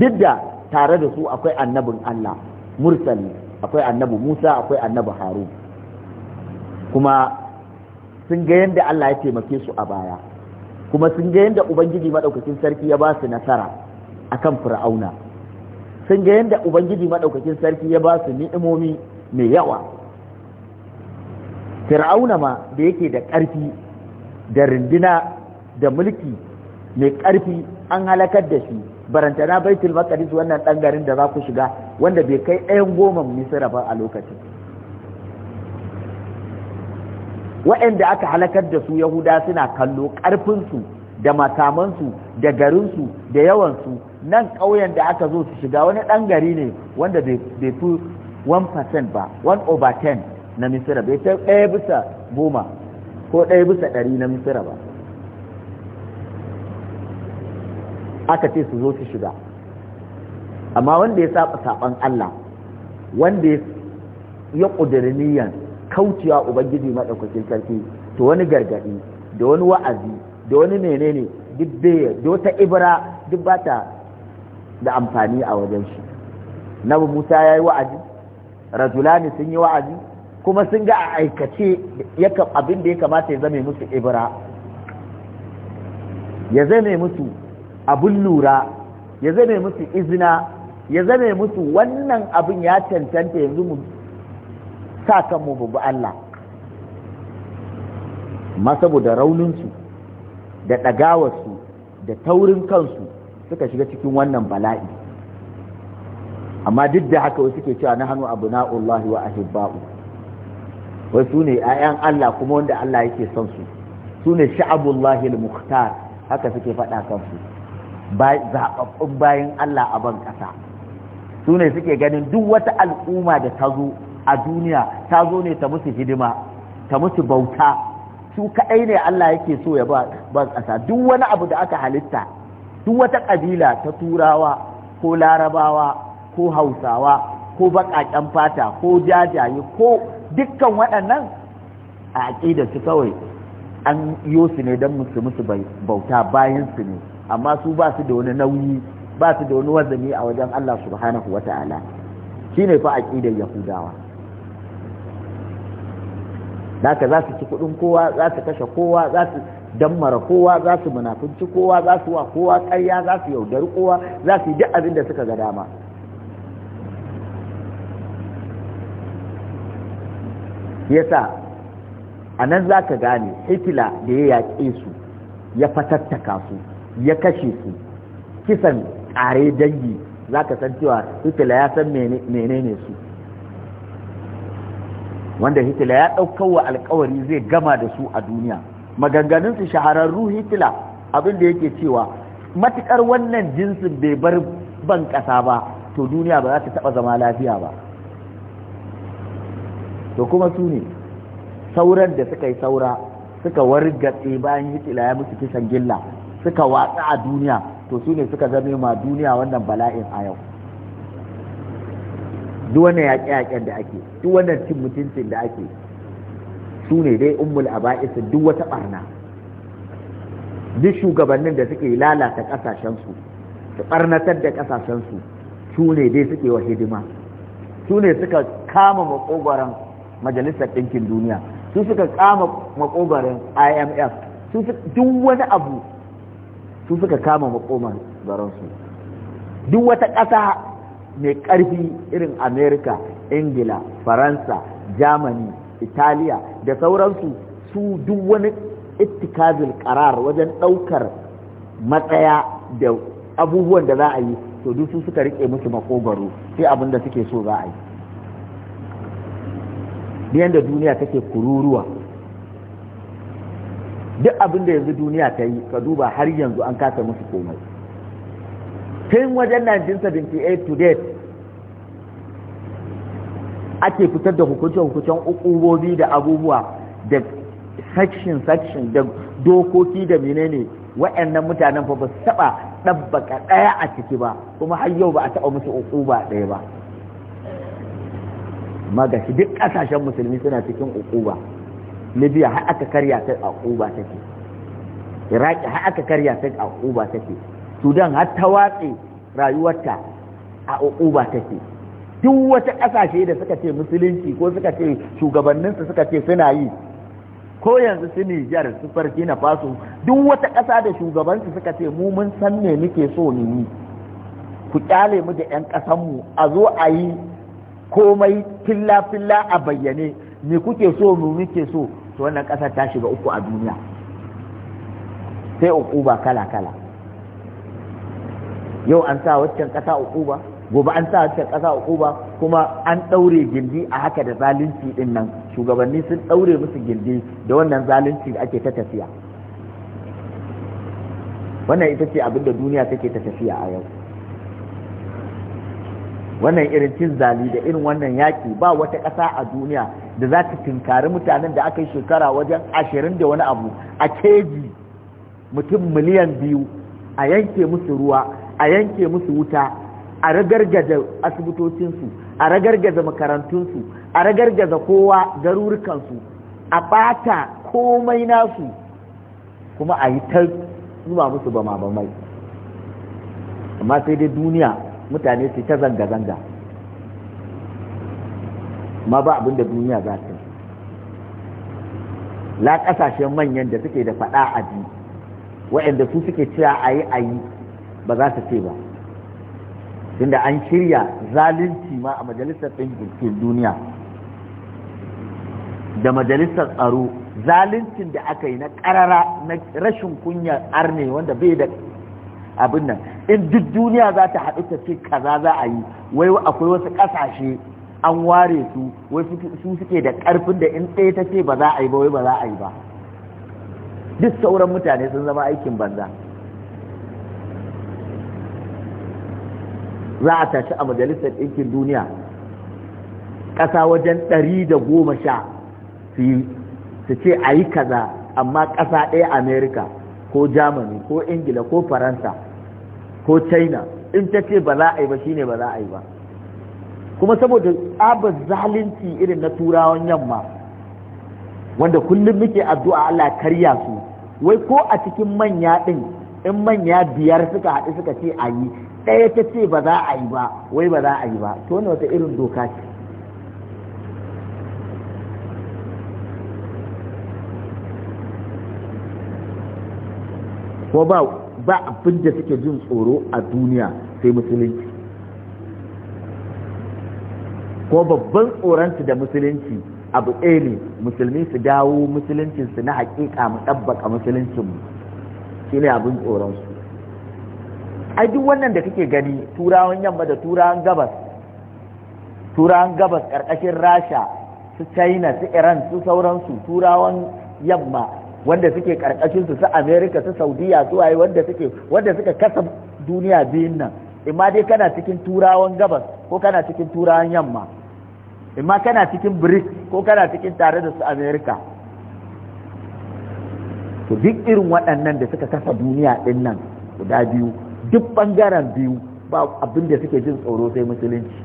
duk da tare da su akwai annabin Allah mursali akwai annabi Musa akwai annabi Harun kuma sun ga yadda Allah ya taimake su a baya kuma sun ga yadda ubangiji maɗaukakin sarki ya ba su nasara akan fir'auna sun ga yadda ubangiji maɗaukakin sarki ya ba su ni'imomi mai yawa fir'auna ma da yake da ƙarfi da rindina da mulki mai ƙarfi an halakar da shi barantana baitul maqdis wannan ɗan garin da za ku shiga wanda bai kai ɗayan goma misira ba a lokacin waɗanda aka halakar da su yahuda suna kallo ƙarfinsu da makamansu da garinsu da yawansu nan ƙauyen da aka zo su shiga wani ɗan gari ne wanda bai fi 1% ba 1 over 10 na misira bai fi ɗaya bisa goma ko ɗaya bisa ɗari na misira ba aka ce su zo su shiga amma wanda ya saba saɓan Allah wanda ya ƙudiri niyan kaucewa ubangiji maɗaukakin sarki to wani gargaɗi da wani wa'azi da wani menene duk da wata ibra duk ba ta da amfani a wajen shi nabu musa ya yi wa'azi rajulani sun yi wa'azi kuma sun ga a aikace abin da ya kamata ya zame musu ibra ya zame musu abin lura ya zame musu izina ya zame musu wannan abin ya cancanta yanzu mu sa kanmu bubu Allah amma saboda rauninsu da ɗagawarsu da taurin kansu suka shiga cikin wannan bala'i amma duk da haka wasu ke cewa na hannu abu na'ullahi wa ahibba'u wai su ne 'ya'yan Allah kuma wanda Allah yake son su su ne sha'abullahi al-mukhtar haka suke faɗa kansu zaɓaɓɓun bayan Allah a ban ƙasa su ne suke ganin duk wata al'umma da ta zo a duniya ta zo ne ta musu hidima ta musu bauta su kaɗai ne Allah yake so ya ba ƙasa duk wani abu da aka halitta duk wata ƙabila ta turawa ko larabawa ko hausawa ko baƙaƙen fata ko jajaye ko dukkan waɗannan a aƙidar su kawai an yo su ne don musu musu bauta bayan su ne amma su ba su da wani nauyi ba su da wani wazani a wajen Allah subhanahu wa ta'ala shine fa aqidar yahudawa haka za su ci kuɗin kowa za su kashe kowa za su dammara kowa za su munafunci kowa za su wa kowa ƙarya za su yaudari kowa za su yi duk abin da suka ga dama yasa a nan za ka gane hitila da ya yaƙe su ya fatattaka su ya kashe su kisan ƙare dangi za ka san cewa hitila ya san menene su wanda hitler ya ɗaukar wa alkawari zai gama da su a duniya maganganunsu shahararru hitler abinda da yake cewa matukar wannan jinsin bai bar ban ƙasa ba to duniya ba za ta taɓa zama lafiya ba to kuma su ne sauran da suka yi saura suka wargatse bayan hitler ya musu kisan gilla suka watsa a duniya to su ne suka zame ma duniya wannan bala'in a yau duk wannan yaƙe-yaƙen da ake duk wannan cin mutuncin da ake su ne dai ummul aba'isin duk wata barna duk shugabannin da suke lalata ƙasashensu su barnatar da ƙasashensu su ne dai suke wa hidima su ne suka kama makogoron majalisar ɗinkin duniya su suka kama makogoron imf su duk wani abu su suka kama makogoron su duk wata ƙasa mai ƙarfi irin amerika ingila faransa germany italiya da sauransu su duk wani ittikazil karar wajen ɗaukar matsaya da abubuwan da za a yi to duk su suka rike musu makogaro sai abin da suke so za a yi yadda duniya take kururuwa duk abin da yanzu duniya ta yi ka duba har yanzu an kasa musu komai tun wajen 1978 to date ake fitar da hukuncin-hukuncin ukubobi da abubuwa da section-section da dokoki da menene wa'annan mutanen fa ba su ɗabbaka ɗaya a ciki ba kuma har yau ba a taɓa musu ukuba ɗaya ba magashi duk ƙasashen musulmi suna cikin ukuba libya har aka karya ta a ukuba take iraki har aka karya ta a ukuba take sudan har ta watse rayuwarta a uba take duk wata ƙasashe da suka ce musulunci ko suka ce shugabanninsu suka ce suna yi ko yanzu su nijar su farki na faso duk wata ƙasa da shugabansu suka ce mu mun san me muke so mu yi ku kyale mu da 'yan mu a zo a yi komai filla-filla a bayyane me kuke so mu muke so to wannan ƙasa ta shiga uku a duniya sai uku ba kala-kala yau an sa waccan ƙasa ba gobe an sa waccan ƙasa ba kuma an ɗaure gindi a haka da zalunci ɗin nan shugabanni sun ɗaure musu gindi da wannan zalunci da ake ta tafiya wannan ita ce abinda duniya take ta tafiya a yau wannan irin cin zali da irin wannan yaƙi ba wata ƙasa a duniya da za ta tinkari mutanen da aka yi shekara wajen ashirin da wani abu a keji mutum miliyan biyu a yanke musu ruwa a yanke musu wuta a ragargaza asibitocinsu a ragargaza makarantunsu a ragargaza kowa garurukansu a ɓata komai nasu kuma a yi ta zuba musu ba mai amma sai dai duniya mutane su ta zanga-zanga ma ba abin da duniya za ta la ƙasashen manyan da suke da faɗa a ji waɗanda su suke cewa a yi a yi ba za ta ce ba tunda an shirya zalunci ma a majalisar ɗinkin duniya da majalisar tsaro zaluncin da aka yi na ƙarara na rashin kunya arne wanda bai da abin nan in duk duniya za ta haɗu ta ce kaza za a yi wai akwai wasu ƙasashe an ware su wai su suke da ƙarfin da in ɗaya ta ce ba za a yi ba wai ba za a yi ba duk sauran mutane sun zama aikin banza za a tashi a majalisar ɗinkin duniya ƙasa wajen ɗari da goma sha su ce a yi kaza amma ƙasa ɗaya amerika ko Jamani ko ingila ko faransa ko china in ta ce ba za a yi ba shine ba za a yi ba kuma saboda tsabar zalunci irin na turawan yamma wanda kullum muke addu'a Allah karya su wai ko a cikin manya ɗin in manya biyar suka haɗu suka ce a yi ɗaya ta ce ba za a yi ba wai ba za a yi ba to ne wata irin doka ce ko ba ba abin da suke jin tsoro a duniya sai musulunci ko babban tsoronsu da musulunci abu ɗaya ne musulmi su dawo musuluncinsu na haƙiƙa mu ɗabbaƙa musuluncinmu shi ne abin tsoronsu ai duk wannan da kake gani turawan yamma da turawan gabas turawan gabas ƙarƙashin rasha su china su iran su sauransu turawan yamma wanda suke ƙarƙashin su su america su saudiya su waye wanda suke wanda suka kasa duniya biyun nan imma dai kana cikin turawan gabas ko kana cikin turawan yamma imma kana cikin brics ko kana cikin tare da su america to duk irin waɗannan da suka kasa duniya ɗin nan guda biyu duk bangaren biyu ba abin da suke jin tsoro sai musulunci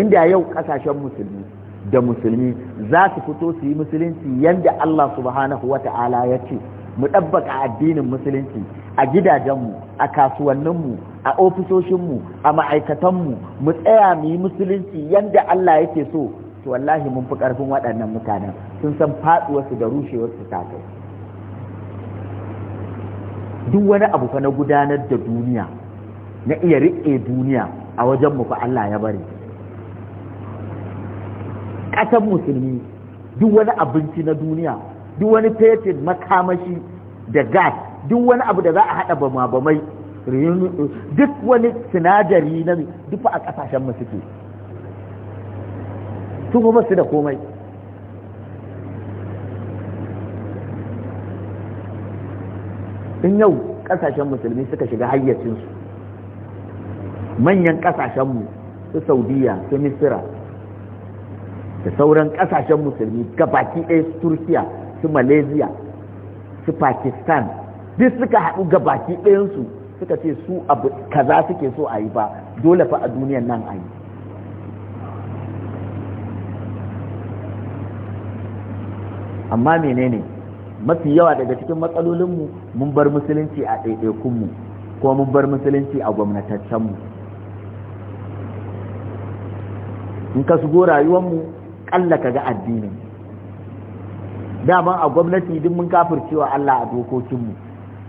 inda yau kasashen musulmi da musulmi za su fito su yi musulunci yadda Allah subhanahu wa ta'ala ya ce mu ɗabbaka addinin musulunci a gidajenmu a kasuwanninmu a ofisoshinmu a ma'aikatanmu mu tsaya mu yi musulunci yadda Allah yake so to wallahi mun fi ƙarfin waɗannan mutanen sun san faɗuwarsu da rushewarsu ta kai duk wani abu fa na gudanar da duniya na iya riƙe duniya a wajen mu fa Allah ya bari ƙasar musulmi duk wani abinci na duniya duk wani fetin makamashi da gas duk wani abu da za a haɗa bama bamai duk wani sinadari na duk a ƙasashen mu suke su kuma su da komai in yau kasashen musulmi suka shiga hayyacinsu manyan kasashenmu su saudiya su misira da sauran kasashen musulmi gabaki ɗaya su turkiya su malaysia su pakistan duk suka haɗu gabaki ɗayansu suka ce su abu kaza suke so a yi ba dole fa a duniyan nan a yi amma menene mafi yawa daga cikin matsalolinmu mun bar musulunci a ɗaiɗaikunmu ko mun bar musulunci a gwamnataccenmu in ka shigo rayuwarmu ƙalla ka ga addinin daman a gwamnati duk mun cewa Allah a dokokinmu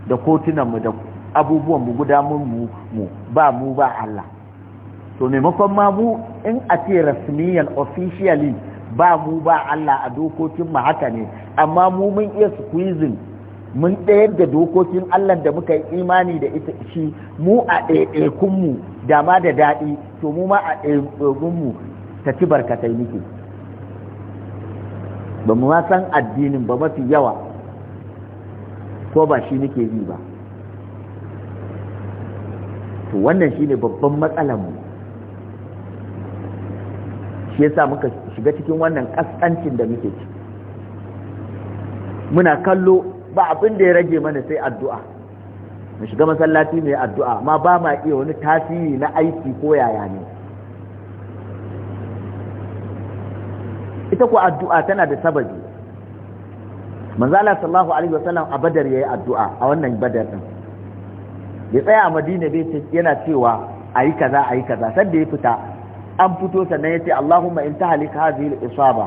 da kotunanmu da abubuwanmu gudamunmu mu ba mu ba Allah to maimakon ma mu in a ce rasmiyan officially ba mu ba Allah a dokokin mu haka ne amma mu mun iya squeezing mun ɗaya da dokokin Allah da muka yi imani da ita shi mu a ɗaiɗaikun mu da ma da daɗi to mu ma a ɗaiɗaikun mu ta ci barkatai muke ba mu ma san addinin ba mafi yawa ko ba shi muke yi ba to wannan shi ne babban matsalar mu shi yasa muka shiga cikin wannan kaskancin da muke ci muna kallo ba abin da ya rage mana sai addu'a mu shiga masallaci mai addu'a ma ba ma iya wani tasiri na aiki ko yaya ne ita ko addu'a tana da sababi manzala sallallahu alaihi wasallam a badar yayi addu'a a wannan badar din ya tsaya a madina bai yana cewa ayi kaza ayi kaza sai da ya fita an fito sannan ce, Allahumma in tahlik hadhihi al-isaba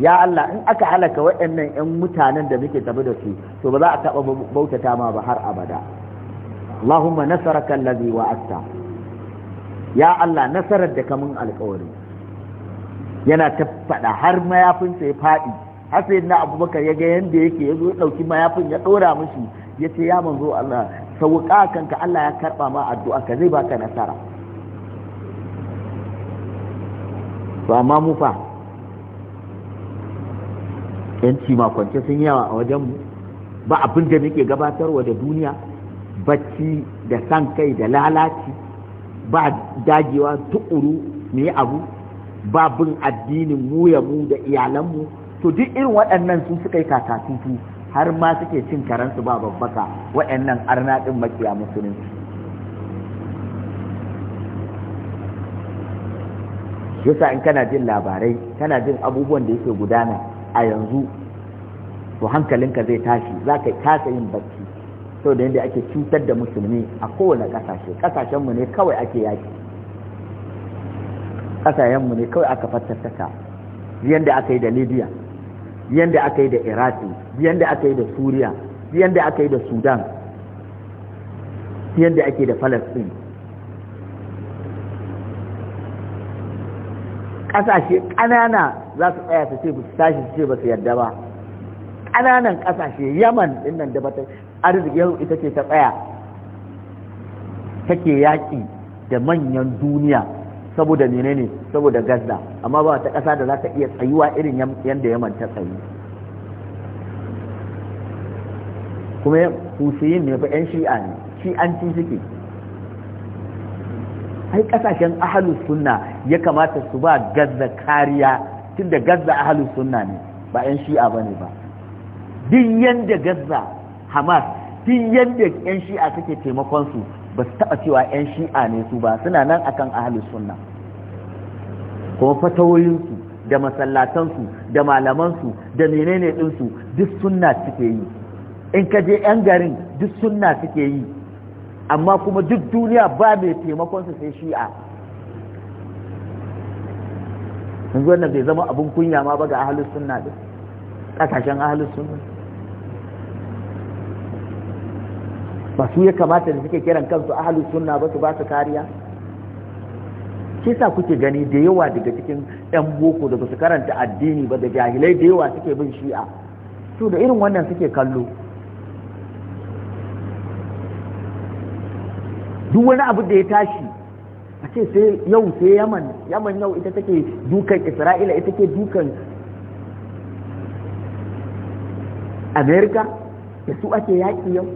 ya Allah in aka halaka waɗannan ƴan mutanen da muke tafi da su to ba za a taɓa bautata ma ba har abada Allahumma nasaraka allazi wa'atta ya Allah nasarar da kamun alƙawari yana ta faɗa har mayafin ya faɗi har sai na abubakar ya ga yadda yake ya zo ya ɗauki mayafin ya ɗora mishi ya ce ya manzo Allah sauƙa kanka Allah ya karɓa ma addu'a ka zai baka nasara to amma mu fa yanci kwance sun yawa a wajen ba abin da muke gabatarwa da duniya bacci da san kai da lalaci ba dagewa tukuru ne abu ba addinin mu ya mu da iyalanmu to duk irin waɗannan sun suka yi kakatutu har ma suke cin karansu ba babbaka waɗannan arnaɗin makiya musulunci yasa in kana jin labarai kana jin abubuwan da yake gudana a yanzu to hankalinka zai tashi za ka kasa yin bacci sau da yadda ake cutar da musulmi a kowane ƙasashe ƙasashenmu ne kawai ake yaƙi ƙasashenmu ne kawai aka fattattaka yadda aka yi da libya yadda aka yi da iraki yadda aka yi da suriya yadda aka yi da sudan yadda ake da falastin ƙasashe ƙanana za su tsaya su ce ba su tashi su ce ba su yarda ba ƙananan ƙasashe yaman din nan da bata yau ita ce ta tsaya take yaƙi da manyan duniya saboda menene saboda gazda. amma ba ta ƙasa da za ta iya tsayuwa irin yadda yaman ta tsayi. kuma husiyin ne fa 'yan shi'a ne shi'anci suke ai kasashen ahalus sunna ya kamata su ba gazza kariya tunda gazza ahalus sunna ne ba yan shi'a bane ba din yanda gazza hamas din yanda yan shi'a suke taimakon su ba su taba cewa yan shi'a ne su ba suna nan akan ahalus sunna kuma su da masallatansu da malamansu da menene ɗinsu duk sunna suke yi in ka je yan garin duk sunna suke yi amma kuma duk duniya ba mai taimakonsa sai shi'a yanzu wannan bai zama abin kunya ma ba ga ahalus sunna din kasashen ahalus sunna ba su ya kamata da suke kiran kansu ahalus sunna ba su ba su kariya shi sa kuke gani da yawa daga cikin yan boko da ba su karanta addini ba da jahilai da yawa suke bin shi'a to da irin wannan suke kallo duk wani abu da ya tashi a ce sai yau sai yaman yaman yau ita take dukan isra'ila ita take dukan amerika da su ake yaƙi yau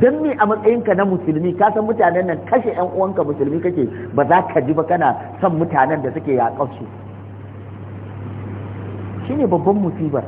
don me a matsayinka na musulmi ka san mutanen nan kashe yan uwanka musulmi kake ba za ka ji ba kana son mutanen da suke yaƙar su ne babban musibar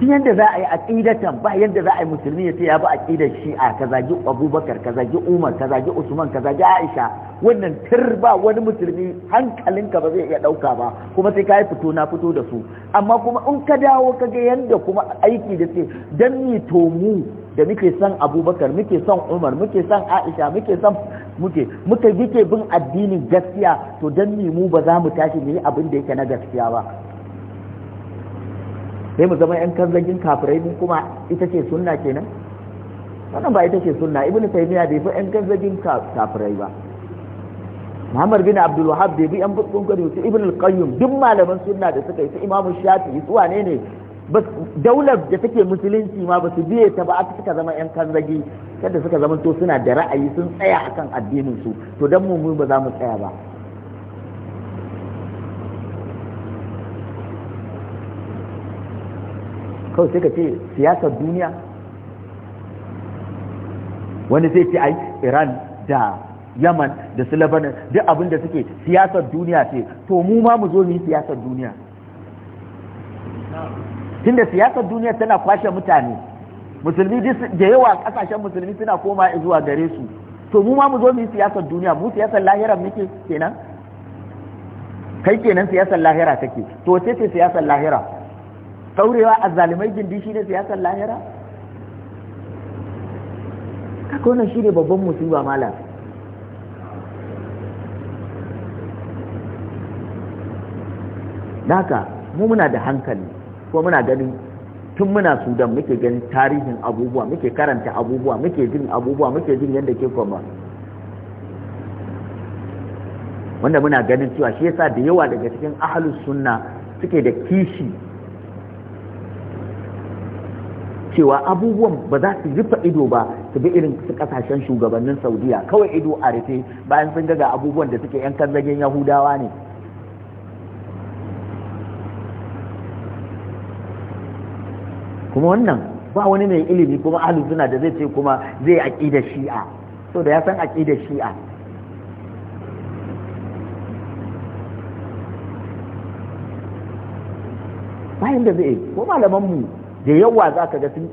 duk yadda za a yi aƙidatan ba yadda za a yi musulmi ya ce ya bi aqidar shi'a ka zagi abubakar ka zagi umar ka zagi usman ka zagi aisha wannan tir ba wani musulmi hankalinka ba zai iya ɗauka ba kuma sai ka yi fito na fito da su amma kuma in ka dawo ka ga yadda kuma aiki da ce don ni to mu da muke son abubakar muke son umar muke son aisha muke son muke muke bin addinin gaskiya to don ni mu ba za mu tashi mu yi abin da yake na gaskiya ba sai mu zama yan kanzagin kafirai mun kuma ita ce sunna kenan wannan ba ita ce sunna ibn taymiya bai fi yan kanzagin kafirai ba muhammad bin abdul wahab bai bi yan bukun gari su ibn al-qayyim duk malaman sunna da suka yi su imamu shafi'i su wane ne daular da take musulunci ma ba su biye ta ba aka suka zama yan kanzagi kada suka zama to suna da ra'ayi sun tsaya akan addinin su to dan mu mu ba za mu tsaya ba kawai sai ka ce siyasar duniya wani sai ce ai iran da yaman da su labanin duk abin da suke siyasar duniya ce to mu ma mu zo yi siyasar duniya tunda siyasar duniya tana kwashe mutane musulmi da yawa kasashen musulmi suna koma zuwa gare su to mu ma mu zo yi siyasar duniya mu siyasar lahira muke kenan kai kenan siyasar lahira take to ce ce siyasar lahira ɗaurewa a zalimai gindi shi ne siyasar lahira haka wannan shi ne babban musiba mala haka mu muna da hankali ko muna ganin tun muna sudan muke ganin tarihin abubuwa muke karanta abubuwa muke jin abubuwa muke jin yadda ke kwamba wanda muna ganin cewa shi yasa da yawa daga cikin ahalus sunna suke da kishi cewa abubuwan ba za su rufe ido ba su bi irin su kasashen shugabannin saudiya kawai ido a rufe bayan sun ga abubuwan da suke yan kallagen yahudawa ne kuma wannan ba wani mai ilimi kuma ahlu suna da zai ce kuma zai aƙida shi'a so da ya san aƙida shi'a bayan da zai ko malamanmu. mu da yawa za ka ga sun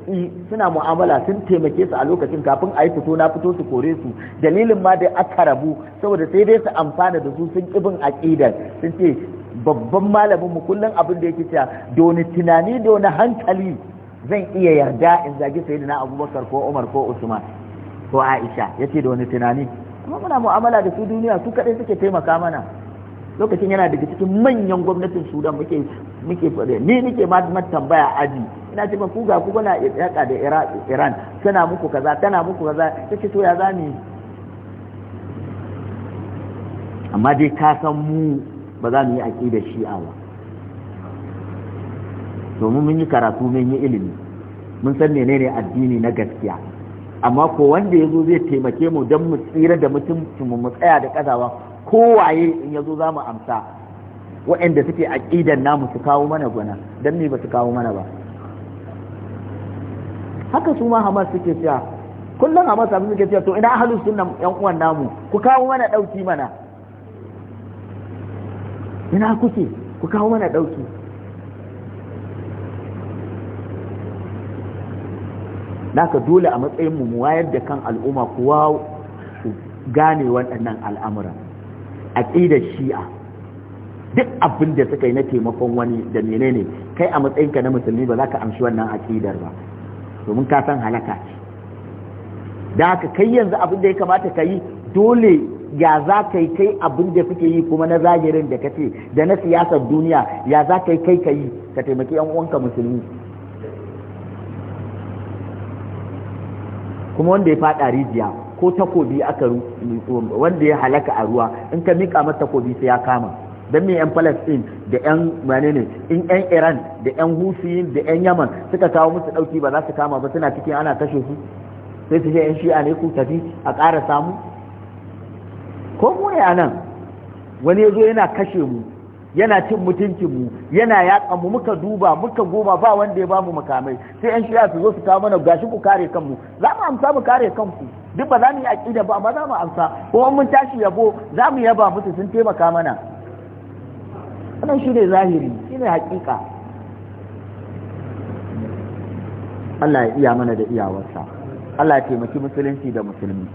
suna mu'amala sun taimake su a lokacin kafin a yi fito na fito su kore su dalilin ma da aka rabu saboda sai dai su amfana da su sun kibin aƙidar sun ce babban malamin mu kullum abin da yake cewa doni tunani doni hankali zan iya yarda in zagi sayyidina abubakar ko umar ko usman ko aisha yace da wani tunani amma muna mu'amala da su duniya su kaɗai suke taimaka mana lokacin yana daga cikin manyan gwamnatin sudan muke muke ni nake ma tambaya aji Ina ce ba ku ga ku kuna yaka da iran tana muku kaza tana muku kaza ta ce to ya za mu amma dai ka san mu ba za mu yi aƙidar shi'a ba domin mun yi karatu mun yi ilimi mun san menene addini na gaskiya amma ko wanda ya zo zai taimake mu don mu tsira da mutum mu tsaya da ko kowaye in ya zo za mu amsa waɗanda suke aƙidan namu su kawo mana gwana don me ba su kawo mana ba haka su ma hamas suke cewa kullum hamas abin suke cewa to ina ahalus sunna yan uwan namu ku kawo mana dauki mana ina kuke ku kawo mana dauki naka dole a matsayin mu mu wayar da kan al'umma kuwa su gane waɗannan al'amura A ƙidar shi'a duk abin da suka yi na taimakon wani da menene kai a matsayinka na musulmi ba za ka amshi wannan aƙidar ba domin ka san halaka ce da haka kai yanzu abin da ya kamata ka yi dole ya za ka yi kai abin da kuke yi kuma na zahirin da kace da na siyasar duniya ya za ka yi kai ka yi ka taimaki yan uwanka musulmi kuma wanda ya faɗa rijiya ko takobi aka wanda ya halaka a ruwa in ka mika masa takobi sai ya kama don me yan palestine da yan ne in yan iran da yan husiyin da yan yaman suka kawo musu dauki ba za su kama ba suna cikin ana kashe su sai su je yan shi'a ne ku tafi a ƙara samu ko mu ne anan wani ya zo yana kashe mu yana cin mutuncin mu yana yaƙa mu muka duba muka goma ba wanda ya bamu makamai sai yan shi'a su zo su kawo mana gashi ku kare kanmu za mu amsa mu kare kanku duk ba za mu yi aƙida ba amma za mu amsa ko mun tashi yabo za mu yaba musu sun taimaka mana wannan shi ne zahiri shi ne hakika Allah ya iya mana da iyawarsa Allah ya taimaki musulunci da musulmi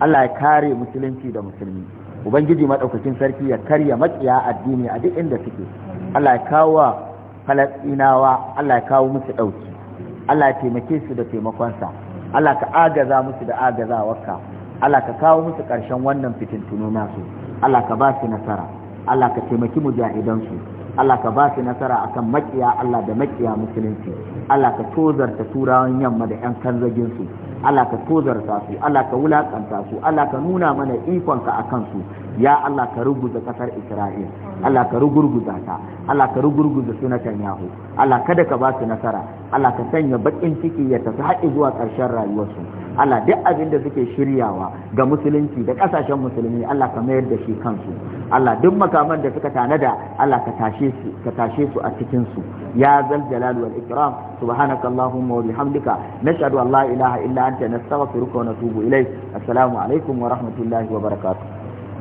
Allah ya kare musulunci da musulmi ubangiji maɗaukakin sarki ya karya matsiya addini a duk inda suke Allah ya kawo falastinawa Allah ya kawo musu ɗauki Allah ya taimake su da taimakonsa Allah ka agaza musu da agazawarka Allah ka kawo musu ƙarshen wannan fitintuno nasu Allah ka ba su nasara Allah ka taimaki mujahidansu Allah ka ba su nasara akan makiya Allah da makiya musulunci Allah ka tozarta turawan yamma da 'yan kanzagin su Allah ka tozarta su Allah ka wulakanta su Allah ka nuna mana ikonka akan su ya Allah ka ruguza kasar Isra'il Allah ka ruguza ta Allah ka rugurguza suna Netanyahu Allah kada ka ba su nasara Allah ka sanya bakin ciki ya tafi haƙi zuwa ƙarshen rayuwarsu Allah duk abin da suke shiryawa ga musulunci da ƙasashen musulmi Allah ka mayar da shi kansu Allah duk makaman da suka tanada Allah ka tashe su ka tashe su a cikin su ya zal jalal wal ikram subhanakallahumma wa bihamdika nashhadu an la ilaha illa anta nastaghfiruka wa natubu ilayk assalamu alaikum wa rahmatullahi wa barakatuh